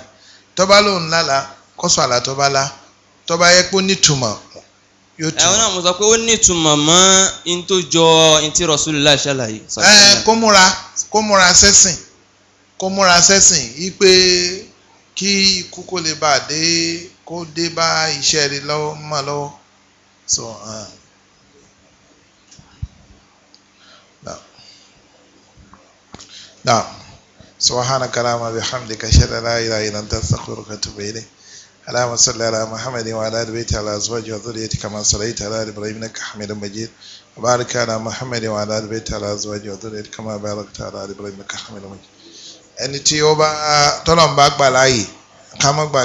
tọ́ba lòun lálàá kó sọ àlá tọ́ba lá tọ́ba yẹ pé ó nítumọ̀ yóò tún. ẹ̀wọ̀n náà mo sọ pé ó nítumọ̀ mọ́ in tó jọ in tí Rasulullah ṣàlàyé. ẹ kó múra kó múra sẹ́sìn kó múra sẹ́sìn yí pé kí ikú lè bá dé kó dé bá iṣẹ́ rẹ̀ lọ́wọ́ mọ́ lọ́wọ́. So, uh, now, now, سبحانك اللهم بحمدك أشهد أن لا إله إلا أنت أستغفرك وأتوب إليك اللهم صل على محمد وعلى ال بيته على ازواجه وذريته كما صليت على ال ابراهيم انك حميد مجيد وبارك على محمد وعلى ال بيته على ازواجه وذريته كما باركت على ال ابراهيم انك حميد مجيد ẹni tí ó bá tọ́lọ́mùbá gbà láàyè